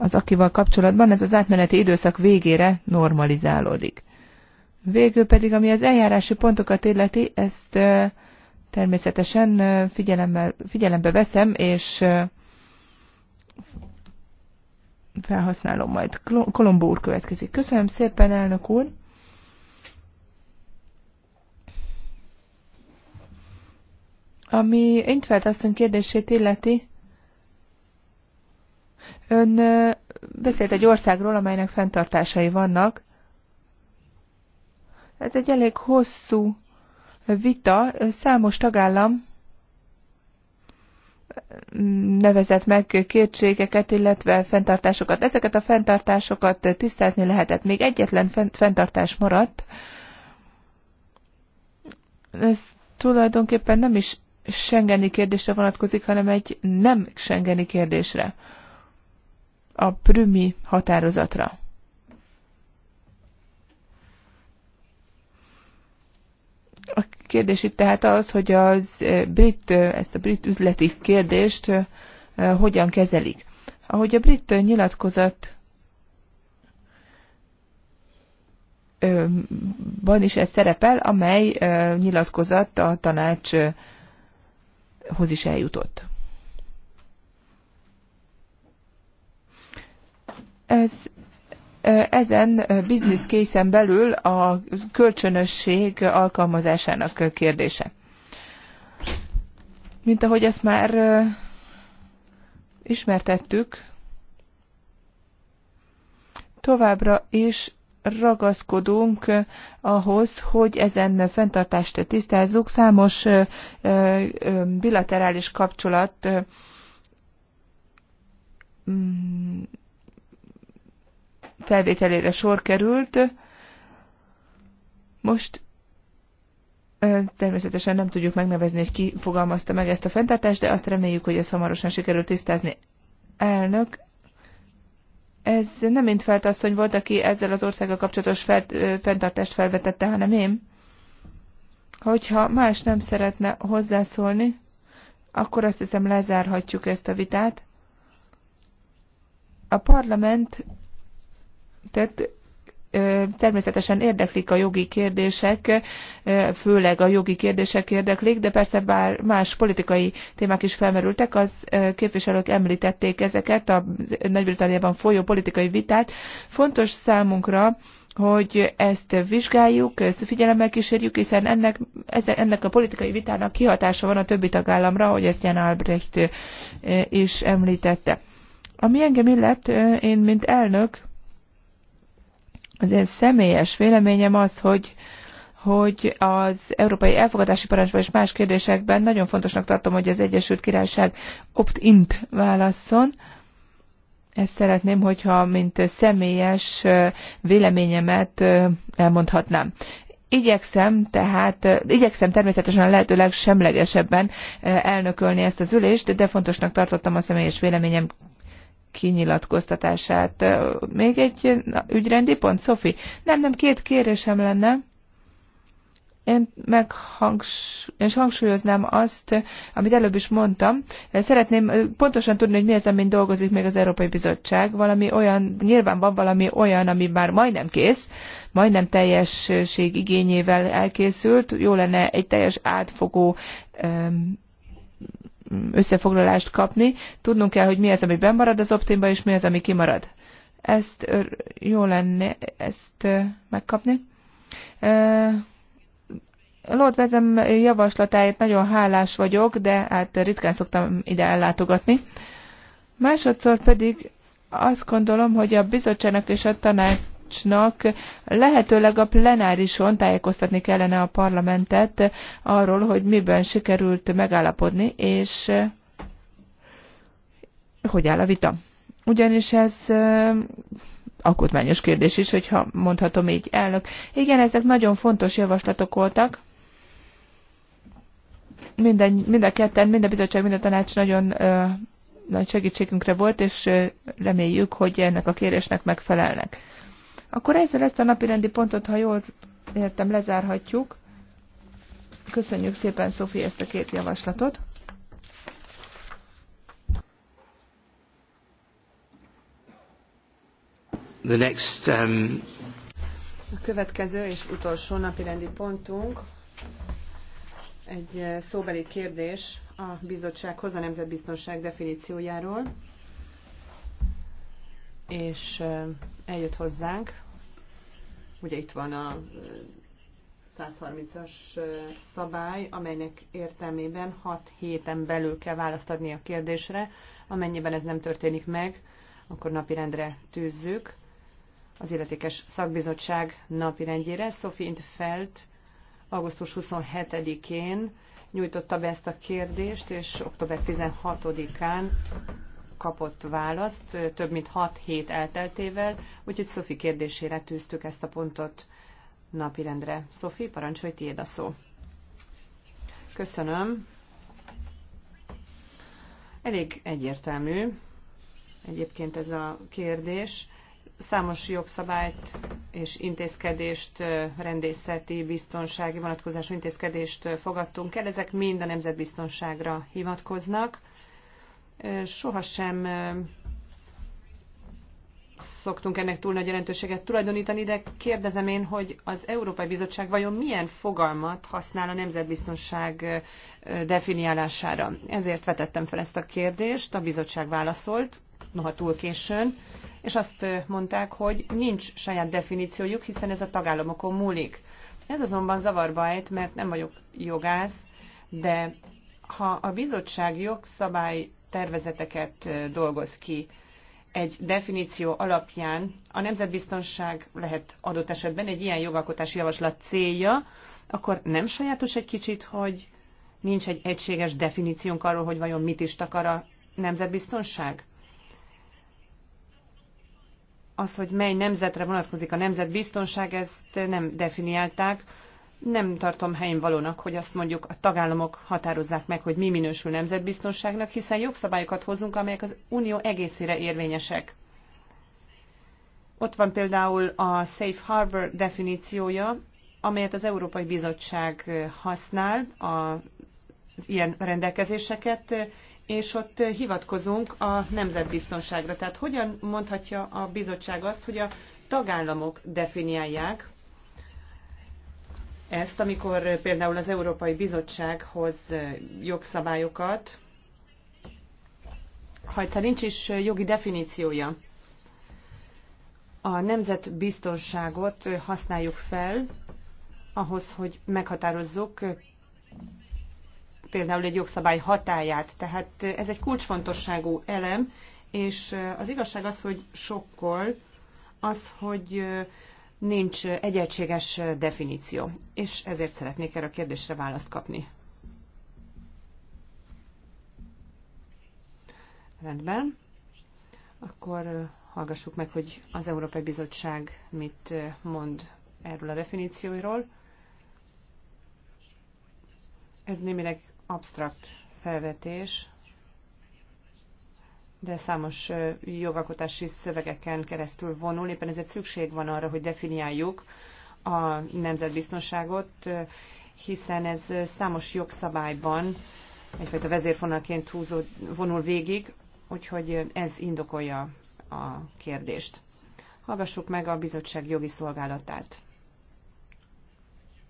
az akival kapcsolatban ez az átmeneti időszak végére normalizálódik. Végül pedig, ami az eljárási pontokat illeti, ezt természetesen figyelembe veszem, és felhasználom majd. Kolombó úr következik. Köszönöm szépen, elnök úr! Ami Intfeld asszony kérdését illeti, Ön beszélt egy országról, amelynek fenntartásai vannak. Ez egy elég hosszú vita. Számos tagállam nevezett meg kétségeket, illetve fenntartásokat. Ezeket a fenntartásokat tisztázni lehetett. Még egyetlen fenntartás maradt. Ez tulajdonképpen nem is Schengeni kérdésre vonatkozik, hanem egy nem Schengeni kérdésre a prümi határozatra. A kérdés itt tehát az, hogy az eh, brit, eh, ezt a brit üzleti kérdést eh, hogyan kezelik. Ahogy a brit nyilatkozat van is ez szerepel, amely nyilatkozat a tanácshoz is eljutott. Ez, ezen business case-en belül a kölcsönösség alkalmazásának kérdése. Mint ahogy ezt már ismertettük, továbbra is ragaszkodunk ahhoz, hogy ezen fenntartást tisztázzuk. Számos bilaterális kapcsolat felvételére sor került. Most természetesen nem tudjuk megnevezni, hogy ki fogalmazta meg ezt a fenntartást, de azt reméljük, hogy ez hamarosan sikerül tisztázni. Elnök, ez nem mint feltasszony volt, aki ezzel az országgal kapcsolatos fenntartást felvetette, hanem én. Hogyha más nem szeretne hozzászólni, akkor azt hiszem lezárhatjuk ezt a vitát. A parlament tehát természetesen érdeklik a jogi kérdések, főleg a jogi kérdések érdeklik, de persze bár más politikai témák is felmerültek, az képviselők említették ezeket, a Nagy-Britanniában folyó politikai vitát. Fontos számunkra, hogy ezt vizsgáljuk, ezt figyelemmel kísérjük, hiszen ennek, ennek a politikai vitának kihatása van a többi tagállamra, hogy ezt Jan Albrecht is említette. Ami engem illet, én mint elnök az én személyes véleményem az, hogy hogy az európai elfogadási parancsban és más kérdésekben nagyon fontosnak tartom, hogy az Egyesült Királyság opt-int válasszon. Ezt szeretném, hogyha mint személyes véleményemet elmondhatnám. Igyekszem, tehát igyekszem természetesen a lehető legsemlegesebben elnökölni ezt az ülést, de fontosnak tartottam a személyes véleményem kinyilatkoztatását. Még egy ügyrendi pont, Szofi? Nem, nem, két kérésem lenne. Én meg hangs- hangsúlyoznám azt, amit előbb is mondtam. Szeretném pontosan tudni, hogy mi az, amin dolgozik még az Európai Bizottság. Valami olyan, nyilván van valami olyan, ami már majdnem kész, majdnem teljesség igényével elkészült. Jó lenne egy teljes átfogó um, összefoglalást kapni. Tudnunk kell, hogy mi az, ami bemarad az optimba, és mi az, ami kimarad. Ezt jó lenne ezt megkapni. Lord Vezem javaslatáért nagyon hálás vagyok, de hát ritkán szoktam ide ellátogatni. Másodszor pedig azt gondolom, hogy a bizottságnak és a tanács tanácsnak lehetőleg a plenárison tájékoztatni kellene a parlamentet arról, hogy miben sikerült megállapodni, és hogy áll a vita. Ugyanis ez akutmányos kérdés is, hogyha mondhatom így elnök. Igen, ezek nagyon fontos javaslatok voltak. Minden, mind a ketten, mind a bizottság, mind a tanács nagyon ö, nagy segítségünkre volt, és ö, reméljük, hogy ennek a kérésnek megfelelnek. Akkor ezzel ezt a napirendi pontot, ha jól értem, lezárhatjuk. Köszönjük szépen, Szofi, ezt a két javaslatot. The next, um... A következő és utolsó napirendi pontunk egy eh, szóbeli kérdés a bizottsághoz a nemzetbiztonság definíciójáról, és eh, eljött hozzánk, ugye itt van a 130-as szabály, amelynek értelmében 6 héten belül kell választ adni a kérdésre. Amennyiben ez nem történik meg, akkor napirendre tűzzük az illetékes szakbizottság napirendjére. Sophie Intfeld augusztus 27-én nyújtotta be ezt a kérdést, és október 16-án kapott választ több mint 6 hét elteltével, úgyhogy Szofi kérdésére tűztük ezt a pontot napirendre. Szofi, parancsolj, tiéd a szó. Köszönöm. Elég egyértelmű egyébként ez a kérdés. Számos jogszabályt és intézkedést, rendészeti, biztonsági vonatkozású intézkedést fogadtunk el. Ezek mind a nemzetbiztonságra hivatkoznak sohasem szoktunk ennek túl nagy jelentőséget tulajdonítani, de kérdezem én, hogy az Európai Bizottság vajon milyen fogalmat használ a nemzetbiztonság definiálására. Ezért vetettem fel ezt a kérdést, a bizottság válaszolt, noha túl későn, és azt mondták, hogy nincs saját definíciójuk, hiszen ez a tagállamokon múlik. Ez azonban zavarba ejt, mert nem vagyok jogász, de ha a bizottság jogszabály tervezeteket dolgoz ki egy definíció alapján a nemzetbiztonság lehet adott esetben egy ilyen jogalkotási javaslat célja, akkor nem sajátos egy kicsit, hogy nincs egy egységes definíciónk arról, hogy vajon mit is takar a nemzetbiztonság? Az, hogy mely nemzetre vonatkozik a nemzetbiztonság, ezt nem definiálták nem tartom helyén valónak, hogy azt mondjuk a tagállamok határozzák meg, hogy mi minősül nemzetbiztonságnak, hiszen jogszabályokat hozunk, amelyek az unió egészére érvényesek. Ott van például a Safe Harbor definíciója, amelyet az Európai Bizottság használ, az ilyen rendelkezéseket, és ott hivatkozunk a nemzetbiztonságra. Tehát hogyan mondhatja a bizottság azt, hogy a tagállamok definiálják ezt, amikor például az Európai Bizottság hoz jogszabályokat, ha egyszer nincs is jogi definíciója. A nemzetbiztonságot használjuk fel ahhoz, hogy meghatározzuk például egy jogszabály hatáját. Tehát ez egy kulcsfontosságú elem, és az igazság az, hogy sokkol az, hogy nincs egy definíció, és ezért szeretnék erre a kérdésre választ kapni. Rendben. Akkor hallgassuk meg, hogy az Európai Bizottság mit mond erről a definícióról. Ez némileg absztrakt felvetés, de számos jogalkotási szövegeken keresztül vonul. Éppen ezért szükség van arra, hogy definiáljuk a nemzetbiztonságot, hiszen ez számos jogszabályban egyfajta vezérfonalként húzó, vonul végig, úgyhogy ez indokolja a kérdést. Hallgassuk meg a bizottság jogi szolgálatát.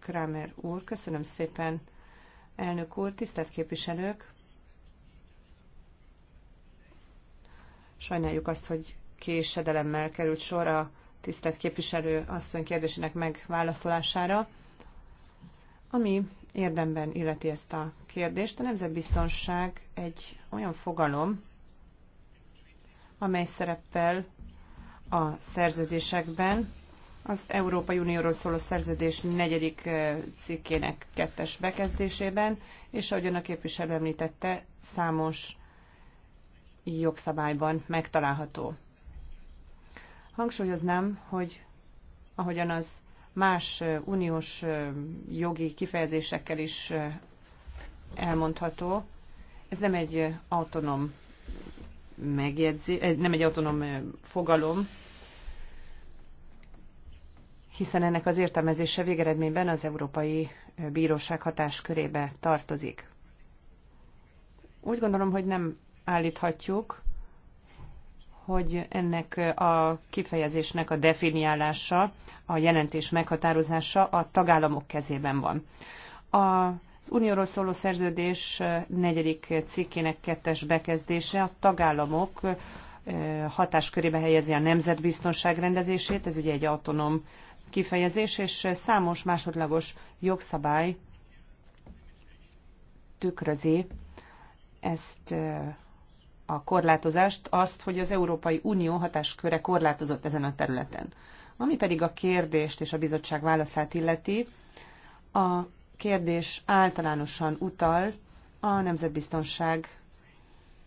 Kramer úr, köszönöm szépen. Elnök úr, tisztelt képviselők! Sajnáljuk azt, hogy késedelemmel került sor a tisztelt képviselő asszony kérdésének megválaszolására. Ami érdemben illeti ezt a kérdést, a nemzetbiztonság egy olyan fogalom, amely szerepel a szerződésekben, az Európai Unióról szóló szerződés negyedik eh, cikkének kettes bekezdésében, és ahogyan a képviselő említette, számos jogszabályban megtalálható. Hangsúlyoznám, hogy ahogyan az más uniós jogi kifejezésekkel is elmondható, ez nem egy autonóm megjegyzi, nem egy autonóm fogalom, hiszen ennek az értelmezése végeredményben az Európai Bíróság hatáskörébe tartozik. Úgy gondolom, hogy nem állíthatjuk, hogy ennek a kifejezésnek a definiálása, a jelentés meghatározása a tagállamok kezében van. A az unióról szóló szerződés negyedik cikkének kettes bekezdése a tagállamok hatáskörébe helyezi a nemzetbiztonság rendezését, ez ugye egy autonóm kifejezés, és számos másodlagos jogszabály tükrözi ezt a korlátozást, azt, hogy az Európai Unió hatásköre korlátozott ezen a területen. Ami pedig a kérdést és a bizottság válaszát illeti, a kérdés általánosan utal a nemzetbiztonság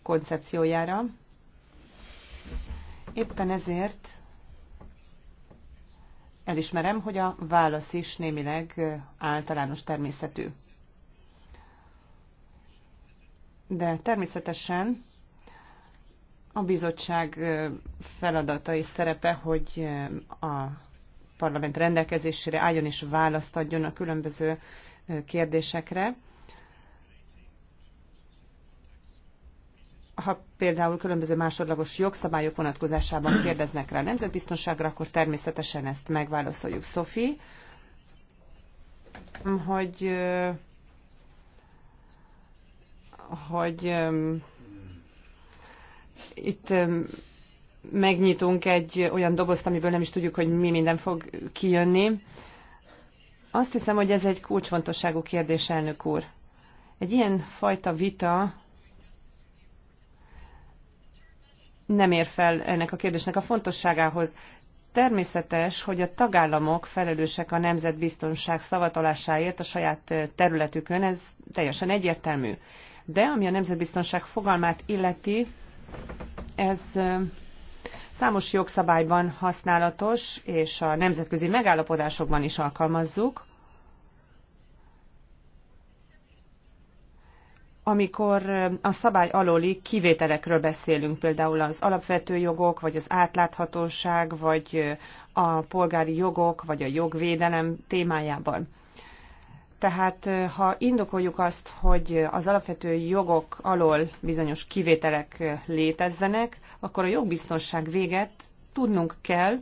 koncepciójára. Éppen ezért elismerem, hogy a válasz is némileg általános természetű. De természetesen a bizottság feladata és szerepe, hogy a parlament rendelkezésére álljon és választ adjon a különböző kérdésekre. ha például különböző másodlagos jogszabályok vonatkozásában kérdeznek rá a nemzetbiztonságra, akkor természetesen ezt megválaszoljuk, Szofi. Hogy, hogy itt megnyitunk egy olyan dobozt, amiből nem is tudjuk, hogy mi minden fog kijönni. Azt hiszem, hogy ez egy kulcsfontosságú kérdés, elnök úr. Egy ilyen fajta vita nem ér fel ennek a kérdésnek a fontosságához. Természetes, hogy a tagállamok felelősek a nemzetbiztonság szavatolásáért a saját eh, területükön, ez teljesen egyértelmű. De ami a nemzetbiztonság fogalmát illeti, ez számos jogszabályban használatos, és a nemzetközi megállapodásokban is alkalmazzuk. amikor a szabály aloli kivételekről beszélünk, például az alapvető jogok, vagy az átláthatóság, vagy a polgári jogok, vagy a jogvédelem témájában. Tehát ha indokoljuk azt, hogy az alapvető jogok alól bizonyos kivételek létezzenek, akkor a jogbiztonság véget tudnunk kell,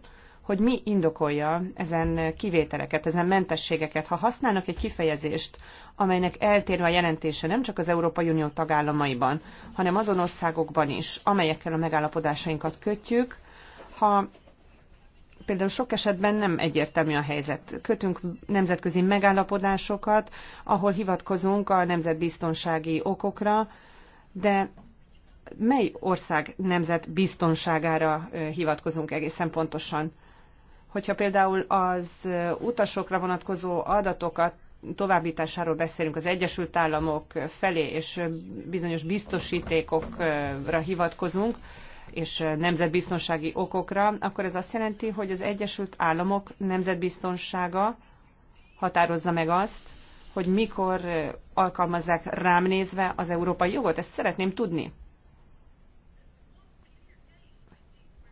hogy mi indokolja ezen kivételeket, ezen mentességeket. Ha használnak egy kifejezést, amelynek eltérve a jelentése nem csak az Európai Unió tagállamaiban, hanem azon országokban is, amelyekkel a megállapodásainkat kötjük, ha például sok esetben nem egyértelmű a helyzet. Kötünk nemzetközi megállapodásokat, ahol hivatkozunk a nemzetbiztonsági okokra, de mely ország nemzetbiztonságára hivatkozunk egészen pontosan? Hogyha például az utasokra vonatkozó adatokat továbbításáról beszélünk az Egyesült Államok felé, és bizonyos biztosítékokra hivatkozunk, és nemzetbiztonsági okokra, akkor ez azt jelenti, hogy az Egyesült Államok nemzetbiztonsága határozza meg azt, hogy mikor alkalmazzák rám nézve az európai jogot. Ezt szeretném tudni.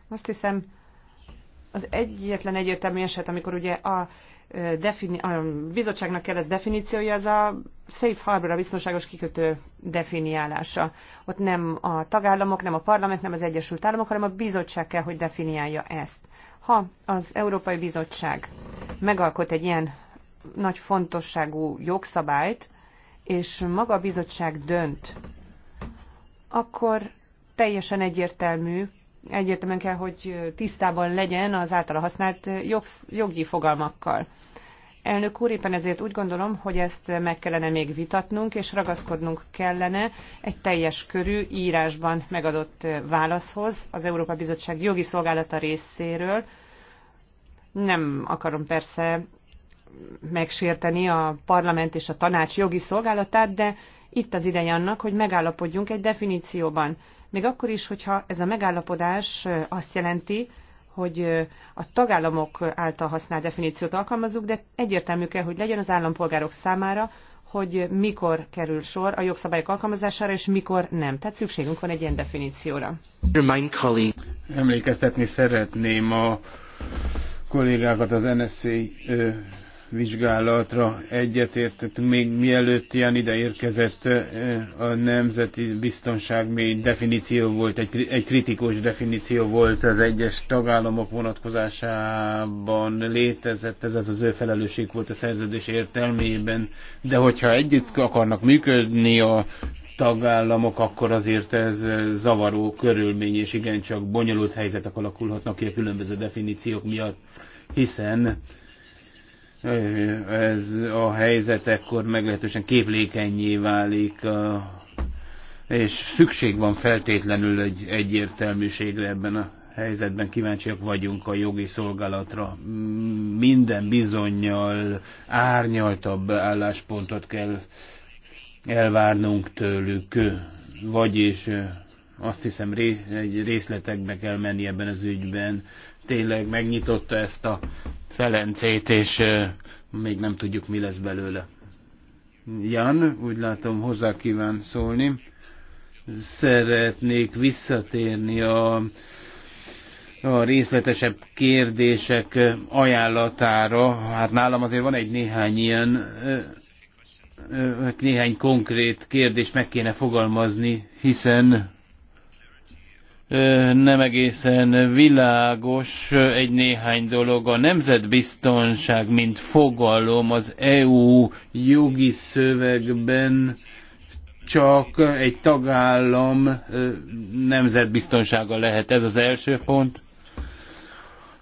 Azt hiszem, az egyetlen egyértelmű eset, amikor ugye a defini- a bizottságnak kell ez definíciója, az a safe harbor, a biztonságos kikötő definiálása. Ott nem a tagállamok, nem a parlament, nem az Egyesült Államok, hanem a bizottság kell, hogy definiálja ezt. Ha az Európai Bizottság megalkot egy ilyen nagy fontosságú jogszabályt, és maga a bizottság dönt, akkor teljesen egyértelmű, egyértelműen kell, hogy tisztában legyen az általa használt jogi fogalmakkal. Elnök úr, éppen ezért úgy gondolom, hogy ezt meg kellene még vitatnunk, és ragaszkodnunk kellene egy teljes körű írásban megadott válaszhoz az Európa Bizottság jogi szolgálata részéről. Nem akarom persze megsérteni a parlament és a tanács jogi szolgálatát, de itt az ideje annak, hogy megállapodjunk egy definícióban. Még akkor is, hogyha ez a megállapodás azt jelenti, hogy a tagállamok által használt definíciót alkalmazzuk, de egyértelmű kell, hogy legyen az állampolgárok számára, hogy mikor kerül sor a jogszabályok alkalmazására, és mikor nem. Tehát szükségünk van egy ilyen definícióra. Emlékeztetni szeretném a kollégákat az NSZ vizsgálatra egyetértett, még mielőtt ilyen ide érkezett eh, a nemzeti biztonság még definíció volt, egy, egy kritikus definíció volt az egyes tagállamok vonatkozásában létezett, ez az, az ő felelősség volt a szerződés értelmében, de hogyha együtt akarnak működni a tagállamok, akkor azért ez zavaró körülmény, és igencsak bonyolult helyzetek alakulhatnak ki a különböző definíciók miatt, hiszen ez a helyzet ekkor meglehetősen képlékenyé válik, és szükség van feltétlenül egy egyértelműségre ebben a helyzetben kíváncsiak vagyunk a jogi szolgálatra. Minden bizonyal árnyaltabb álláspontot kell elvárnunk tőlük, vagyis azt hiszem egy részletekbe kell menni ebben az ügyben tényleg megnyitotta ezt a felencét, és még nem tudjuk, mi lesz belőle. Jan, úgy látom, hozzá kíván szólni. Szeretnék visszatérni a, a részletesebb kérdések ajánlatára. Hát nálam azért van egy néhány ilyen hát néhány konkrét kérdést meg kéne fogalmazni, hiszen nem egészen világos egy néhány dolog. A nemzetbiztonság, mint fogalom az EU jogi szövegben csak egy tagállam nemzetbiztonsága lehet. Ez az első pont.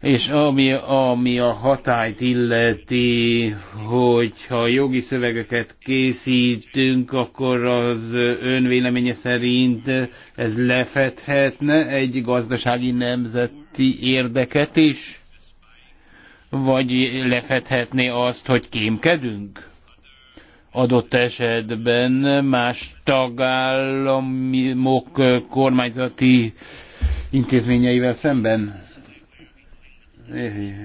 És ami, ami a hatályt illeti, hogyha jogi szövegeket készítünk, akkor az önvéleménye szerint ez lefedhetne egy gazdasági nemzeti érdeket is? Vagy lefedhetné azt, hogy kémkedünk? adott esetben más tagállamok kormányzati intézményeivel szemben.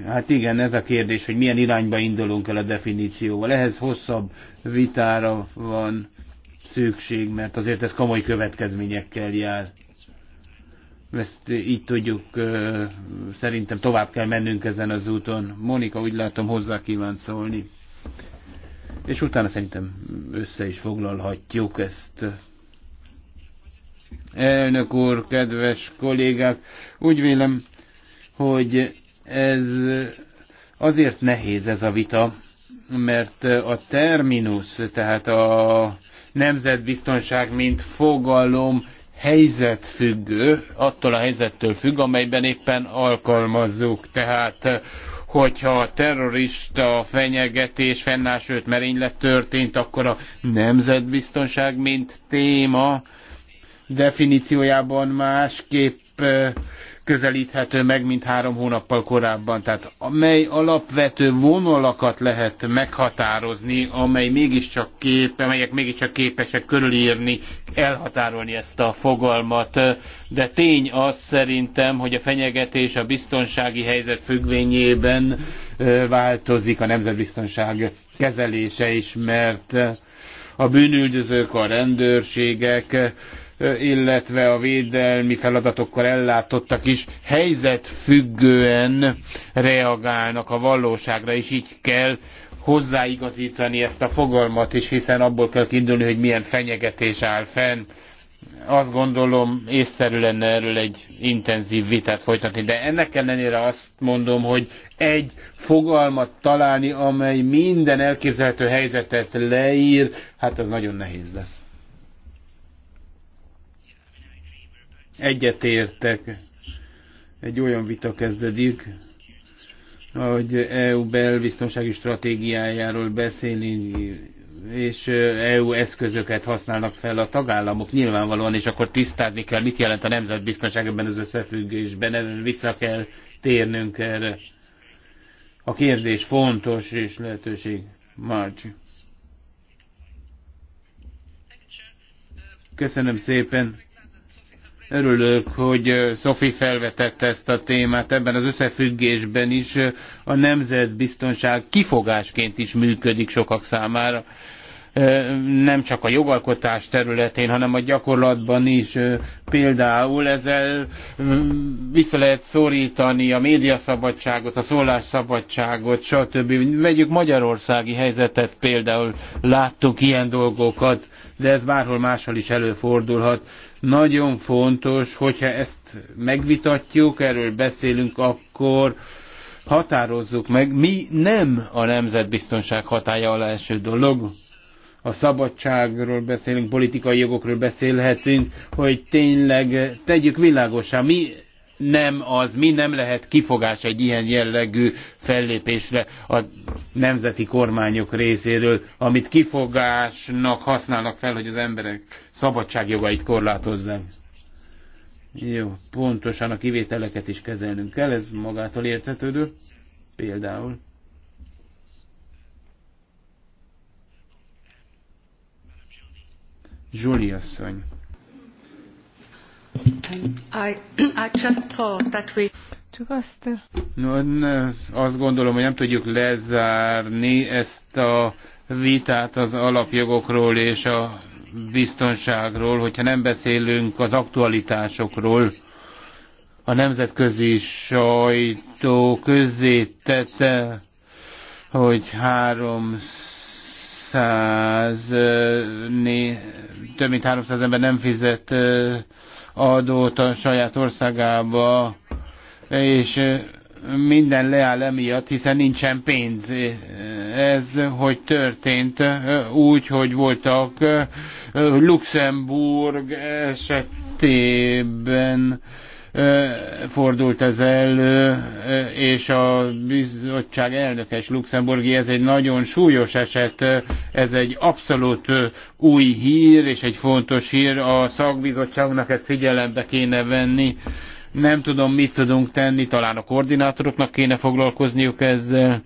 Hát igen, ez a kérdés, hogy milyen irányba indulunk el a definícióval. Ehhez hosszabb vitára van szükség, mert azért ez komoly következményekkel jár. Ezt így tudjuk, szerintem tovább kell mennünk ezen az úton. Monika, úgy látom, hozzá kíván szólni. És utána szerintem össze is foglalhatjuk ezt. Elnök úr, kedves kollégák, úgy vélem, hogy ez azért nehéz ez a vita, mert a terminus, tehát a nemzetbiztonság, mint fogalom helyzet függő, attól a helyzettől függ, amelyben éppen alkalmazzuk. Tehát hogyha a terrorista fenyegetés, fennáll, sőt merénylet történt, akkor a nemzetbiztonság, mint téma definíciójában másképp eh, közelíthető meg, mint három hónappal korábban. Tehát amely alapvető vonalakat lehet meghatározni, amely mégiscsak kép, amelyek mégiscsak képesek körülírni, elhatárolni ezt a fogalmat. De tény az szerintem, hogy a fenyegetés a biztonsági helyzet függvényében változik a nemzetbiztonság kezelése is, mert a bűnüldözők, a rendőrségek, illetve a védelmi feladatokkal ellátottak is helyzetfüggően reagálnak a valóságra, és így kell hozzáigazítani ezt a fogalmat is, hiszen abból kell kiindulni, hogy milyen fenyegetés áll fenn. Azt gondolom, észszerű lenne erről egy intenzív vitát folytatni, de ennek ellenére azt mondom, hogy egy fogalmat találni, amely minden elképzelhető helyzetet leír, hát az nagyon nehéz lesz. Egyetértek. Egy olyan vita kezdődik, hogy EU belbiztonsági stratégiájáról beszélünk, és EU eszközöket használnak fel a tagállamok nyilvánvalóan, és akkor tisztázni kell, mit jelent a nemzetbiztonság ebben az összefüggésben, vissza kell térnünk erre. A kérdés fontos és lehetőség. Marge. Köszönöm szépen. Örülök, hogy Szofi felvetette ezt a témát ebben az összefüggésben is. A nemzetbiztonság kifogásként is működik sokak számára nem csak a jogalkotás területén, hanem a gyakorlatban is. Például ezzel vissza lehet szorítani a médiaszabadságot, a szólásszabadságot, stb. Vegyük magyarországi helyzetet például, láttuk ilyen dolgokat, de ez bárhol máshol is előfordulhat. Nagyon fontos, hogyha ezt megvitatjuk, erről beszélünk, akkor határozzuk meg, mi nem a nemzetbiztonság hatája alá eső dolog. A szabadságról beszélünk, politikai jogokról beszélhetünk, hogy tényleg tegyük világosá, mi nem az, mi nem lehet kifogás egy ilyen jellegű fellépésre a nemzeti kormányok részéről, amit kifogásnak használnak fel, hogy az emberek szabadságjogait korlátozzák. Jó, pontosan a kivételeket is kezelnünk kell, ez magától értetődő. Például. Zsuli asszony. Csak azt... No, ne, azt gondolom, hogy nem tudjuk lezárni ezt a vitát az alapjogokról és a biztonságról, hogyha nem beszélünk az aktualitásokról. A nemzetközi sajtó közzétette, hogy 300, né, több mint 300 ember nem fizet adót a saját országába, és minden leáll emiatt, hiszen nincsen pénz. Ez hogy történt úgy, hogy voltak Luxemburg esetében fordult ez elő, és a bizottság elnökes luxemburgi, ez egy nagyon súlyos eset, ez egy abszolút új hír, és egy fontos hír, a szakbizottságnak ezt figyelembe kéne venni. Nem tudom, mit tudunk tenni, talán a koordinátoroknak kéne foglalkozniuk ezzel,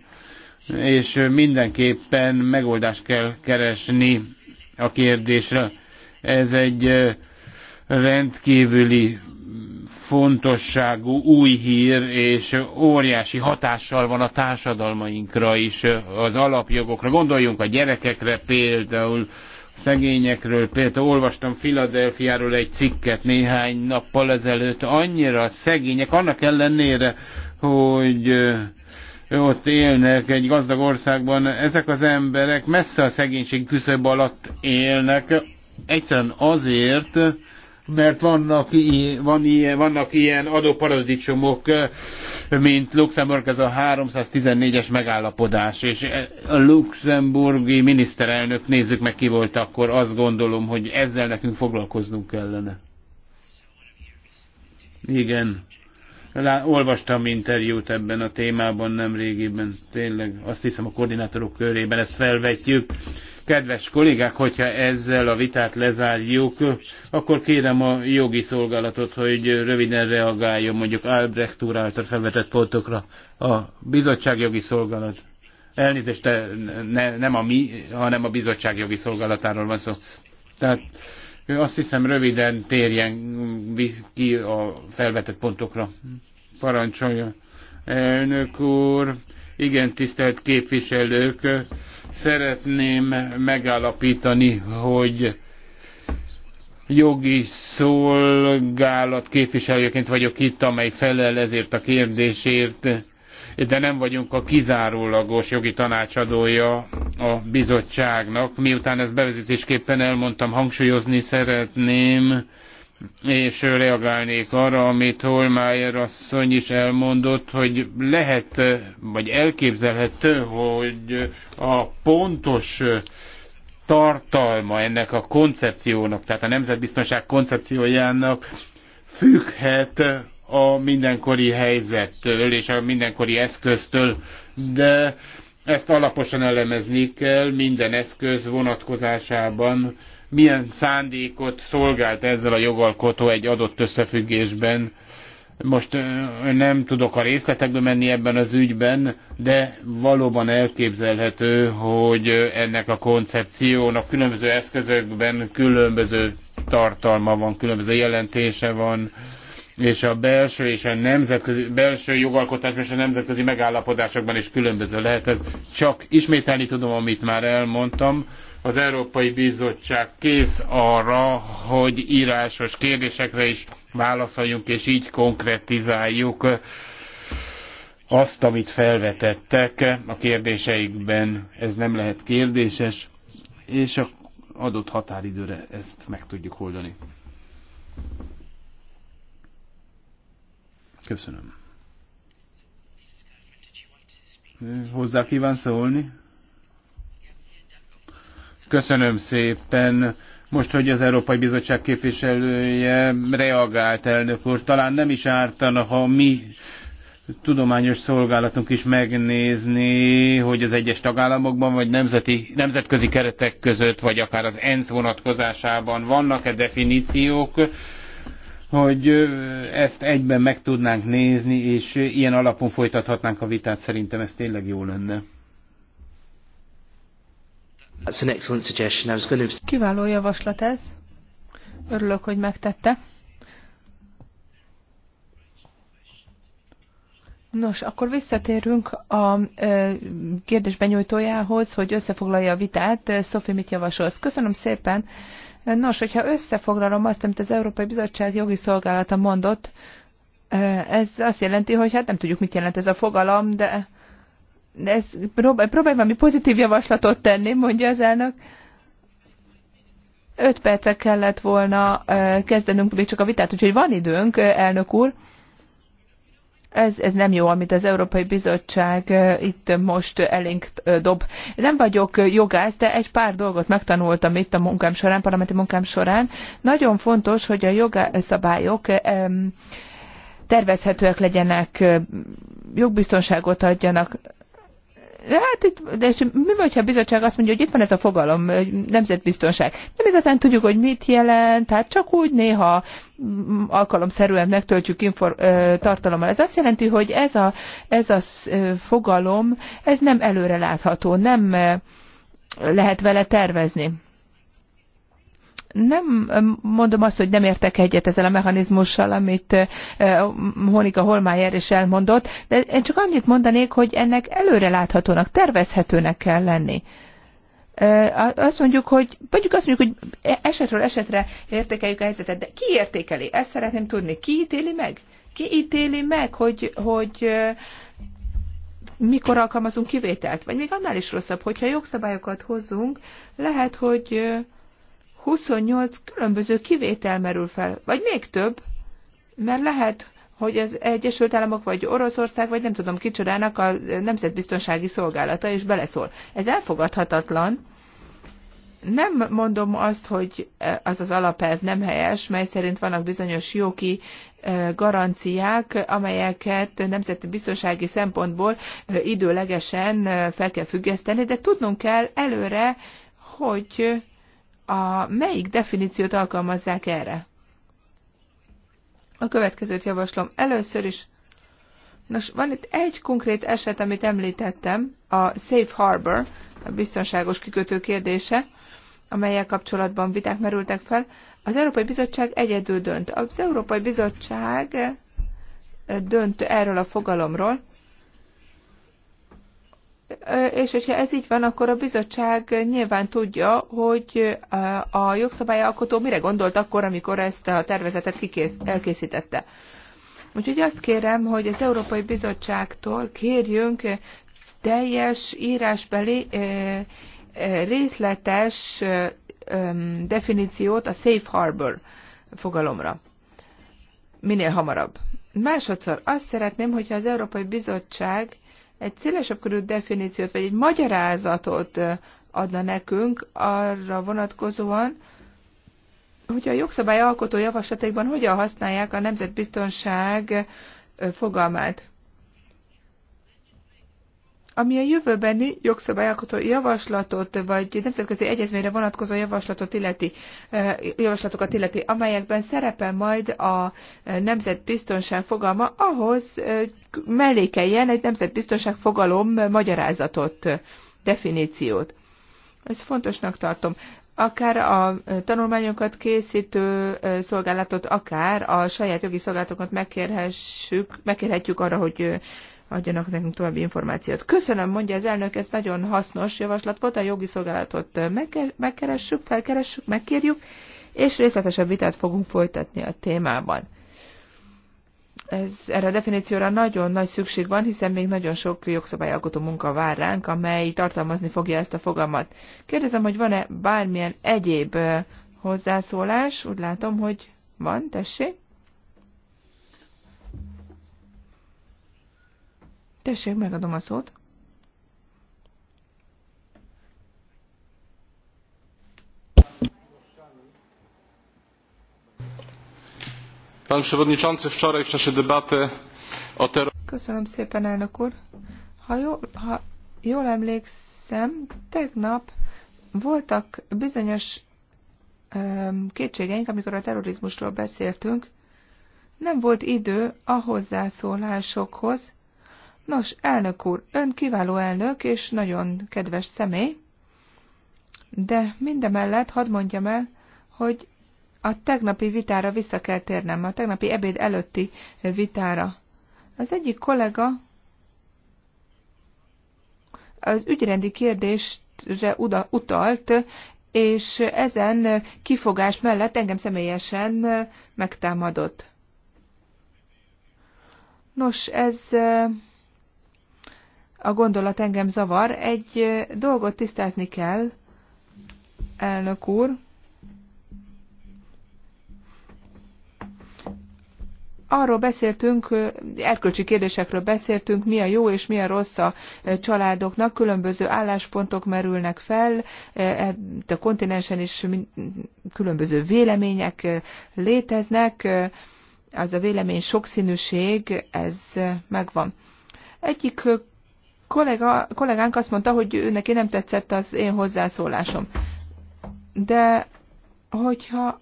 és mindenképpen megoldást kell keresni a kérdésre. Ez egy rendkívüli fontosságú új hír, és óriási hatással van a társadalmainkra is, az alapjogokra. Gondoljunk a gyerekekre például, szegényekről, például olvastam Filadelfiáról egy cikket néhány nappal ezelőtt, annyira szegények, annak ellenére, hogy ott élnek egy gazdag országban, ezek az emberek messze a szegénység küszöb alatt élnek, egyszerűen azért, mert vannak, van ilyen, vannak ilyen adóparadicsomok, mint Luxemburg, ez a 314-es megállapodás, és a luxemburgi miniszterelnök, nézzük meg ki volt akkor, azt gondolom, hogy ezzel nekünk foglalkoznunk kellene. Igen. Lá, olvastam interjút ebben a témában nem régiben, tényleg azt hiszem a koordinátorok körében ezt felvetjük. Kedves kollégák, hogyha ezzel a vitát lezárjuk, akkor kérem a jogi szolgálatot, hogy röviden reagáljon mondjuk Albrecht úr által felvetett pontokra. A bizottság jogi szolgálat. Elnézést, ne, nem a mi, hanem a bizottság jogi szolgálatáról van szó. Tehát azt hiszem röviden térjen ki a felvetett pontokra. Parancsoljon. Elnök úr, igen, tisztelt képviselők, Szeretném megállapítani, hogy jogi szolgálat képviselőként vagyok itt, amely felel ezért a kérdésért, de nem vagyunk a kizárólagos jogi tanácsadója a bizottságnak. Miután ezt bevezetésképpen elmondtam, hangsúlyozni szeretném, és reagálnék arra, amit Holmeyer asszony is elmondott, hogy lehet, vagy elképzelhető, hogy a pontos tartalma ennek a koncepciónak, tehát a nemzetbiztonság koncepciójának függhet a mindenkori helyzettől és a mindenkori eszköztől, de ezt alaposan elemezni kell minden eszköz vonatkozásában, milyen szándékot szolgált ezzel a jogalkotó egy adott összefüggésben. Most nem tudok a részletekbe menni ebben az ügyben, de valóban elképzelhető, hogy ennek a koncepciónak különböző eszközökben különböző tartalma van, különböző jelentése van, és a belső és a nemzetközi, belső jogalkotásban és a nemzetközi megállapodásokban is különböző lehet. Ez csak ismételni tudom, amit már elmondtam, az Európai Bizottság kész arra, hogy írásos kérdésekre is válaszoljunk, és így konkretizáljuk azt, amit felvetettek a kérdéseikben. Ez nem lehet kérdéses, és a adott határidőre ezt meg tudjuk oldani. Köszönöm. Hozzá kíván szólni? Köszönöm szépen. Most, hogy az Európai Bizottság képviselője reagált, elnök úr, talán nem is ártana, ha mi tudományos szolgálatunk is megnézni, hogy az egyes tagállamokban, vagy nemzeti, nemzetközi keretek között, vagy akár az ENSZ vonatkozásában vannak-e definíciók, hogy ezt egyben meg tudnánk nézni, és ilyen alapon folytathatnánk a vitát, szerintem ez tényleg jó lenne. That's an excellent suggestion. I was going to... Kiváló javaslat ez. Örülök, hogy megtette. Nos, akkor visszatérünk a kérdés benyújtójához, hogy összefoglalja a vitát. Szofi, mit javasolsz? Köszönöm szépen. Nos, hogyha összefoglalom azt, amit az Európai Bizottság jogi szolgálata mondott, ez azt jelenti, hogy hát nem tudjuk, mit jelent ez a fogalom, de ez, próbálj, próbálj valami pozitív javaslatot tenni, mondja az elnök. Öt percet kellett volna kezdenünk még csak a vitát, úgyhogy van időnk, elnök úr. Ez, ez nem jó, amit az Európai Bizottság itt most elénk dob. Nem vagyok jogász, de egy pár dolgot megtanultam itt a munkám során, parlamenti munkám során. Nagyon fontos, hogy a jogszabályok tervezhetőek legyenek, jogbiztonságot adjanak Hát itt, de mi vagy, ha a bizottság azt mondja, hogy itt van ez a fogalom, nemzetbiztonság. Nem igazán tudjuk, hogy mit jelent, tehát csak úgy néha mm, alkalomszerűen megtöltjük infor, tartalommal. Ez azt jelenti, hogy ez a, ez a fogalom, ez nem előre látható, nem lehet vele tervezni nem mondom azt, hogy nem értek egyet ezzel a mechanizmussal, amit eh, Monika Holmájer is elmondott, de én csak annyit mondanék, hogy ennek előreláthatónak, tervezhetőnek kell lenni. Eh, azt mondjuk, hogy mondjuk azt mondjuk, hogy e- esetről esetre értékeljük a helyzetet, de ki értékeli? Ezt szeretném tudni. Ki ítéli meg? Ki ítéli meg, hogy, hogy eh, mikor alkalmazunk kivételt? Vagy még annál is rosszabb, hogyha jogszabályokat hozunk, lehet, hogy 28 különböző kivétel merül fel, vagy még több, mert lehet, hogy az Egyesült Államok vagy Oroszország, vagy nem tudom kicsodának a Nemzetbiztonsági Szolgálata is beleszól. Ez elfogadhatatlan. Nem mondom azt, hogy az az alapelv nem helyes, mely szerint vannak bizonyos jogi garanciák, amelyeket nemzeti biztonsági szempontból időlegesen fel kell függeszteni, de tudnunk kell előre, hogy a, melyik definíciót alkalmazzák erre? A következőt javaslom. Először is, nos, van itt egy konkrét eset, amit említettem, a Safe Harbor, a biztonságos kikötő kérdése, amelyel kapcsolatban viták merültek fel. Az Európai Bizottság egyedül dönt. Az Európai Bizottság dönt erről a fogalomról, és hogyha ez így van, akkor a bizottság nyilván tudja, hogy a jogszabályalkotó mire gondolt akkor, amikor ezt a tervezetet kikész, elkészítette. Úgyhogy azt kérem, hogy az Európai Bizottságtól kérjünk teljes írásbeli részletes definíciót a safe harbor fogalomra. Minél hamarabb. Másodszor azt szeretném, hogyha az Európai Bizottság egy szélesebb körű definíciót, vagy egy magyarázatot adna nekünk arra vonatkozóan, hogy a jogszabály alkotó javaslatékban hogyan használják a nemzetbiztonság fogalmát. Ami a jövőbeni jogszabályalkotó javaslatot, vagy nemzetközi egyezményre vonatkozó javaslatot illeti, javaslatokat illeti, amelyekben szerepel majd a nemzetbiztonság fogalma, ahhoz mellékeljen egy nemzetbiztonság fogalom magyarázatot, definíciót. Ezt fontosnak tartom akár a tanulmányokat készítő szolgálatot, akár a saját jogi szolgálatokat megkérhessük, megkérhetjük arra, hogy adjanak nekünk további információt. Köszönöm, mondja az elnök, ez nagyon hasznos javaslat volt, a jogi szolgálatot megkeressük, felkeressük, megkérjük, és részletesebb vitát fogunk folytatni a témában. Ez, erre a definícióra nagyon nagy szükség van, hiszen még nagyon sok jogszabályalkotó munka vár ránk, amely tartalmazni fogja ezt a fogalmat. Kérdezem, hogy van-e bármilyen egyéb hozzászólás? Úgy látom, hogy van, tessék. Tessék, megadom a szót. Pán przewodniczący wczoraj w czasie debaty o terrorze. Köszönöm szépen, elnök úr. Ha jól, ha jól emlékszem, tegnap voltak bizonyos um, kétségeink, amikor a terrorizmusról beszéltünk. Nem volt idő a hozzászólásokhoz, Nos, elnök úr, ön kiváló elnök és nagyon kedves személy, de mindemellett hadd mondjam el, hogy a tegnapi vitára vissza kell térnem, a tegnapi ebéd előtti vitára. Az egyik kollega az ügyrendi kérdésre utalt, és ezen kifogás mellett engem személyesen megtámadott. Nos, ez a gondolat engem zavar. Egy dolgot tisztázni kell, elnök úr. arról beszéltünk, erkölcsi kérdésekről beszéltünk, mi a jó és mi a rossz a családoknak, különböző álláspontok merülnek fel, e-, a kontinensen is különböző vélemények léteznek, az a vélemény sokszínűség, ez megvan. Egyik kollega, kollégánk azt mondta, hogy neki nem tetszett az én hozzászólásom. De hogyha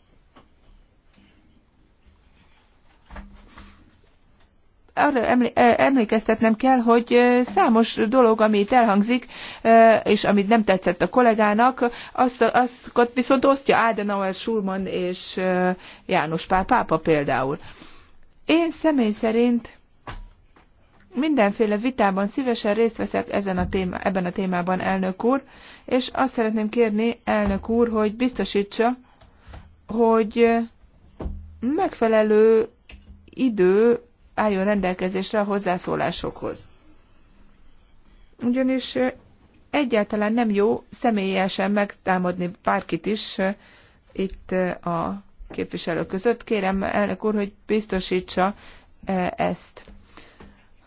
arra e, emlékeztetnem kell, hogy e, számos dolog, amit elhangzik, e, és amit nem tetszett a kollégának, azt, azt viszont osztja Adenauer, Schulman és János Pál pápa például. Én személy szerint mindenféle vitában szívesen részt veszek ezen a téma, ebben a témában, elnök úr, és azt szeretném kérni, elnök úr, hogy biztosítsa, hogy megfelelő idő álljon rendelkezésre a hozzászólásokhoz. Ugyanis egyáltalán nem jó személyesen megtámadni bárkit is itt a képviselő között. Kérem elnök úr, hogy biztosítsa ezt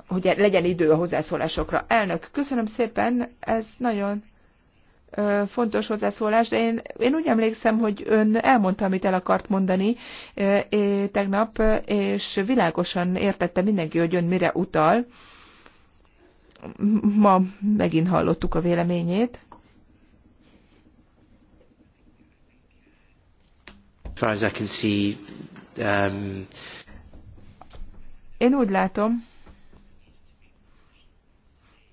hogy legyen idő a hozzászólásokra. Elnök, köszönöm szépen, ez nagyon fontos hozzászólás, de én, én úgy emlékszem, hogy ön elmondta, amit el akart mondani tegnap, és világosan értette mindenki, hogy ön mire utal. Ma megint hallottuk a véleményét. Um, én úgy látom,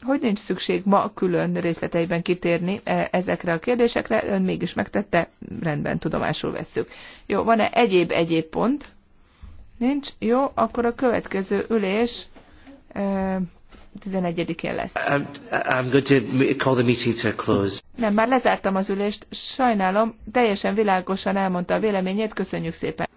hogy nincs szükség ma külön részleteiben kitérni e, ezekre a kérdésekre, ön mégis megtette, rendben, tudomásul vesszük. Jó, van-e egyéb-egyéb pont? Nincs? Jó, akkor a következő ülés 11-én e, lesz. I'm, um, I'm going to call the meeting to close. Nem, már lezártam az ülést, sajnálom, teljesen világosan elmondta a véleményét, köszönjük szépen.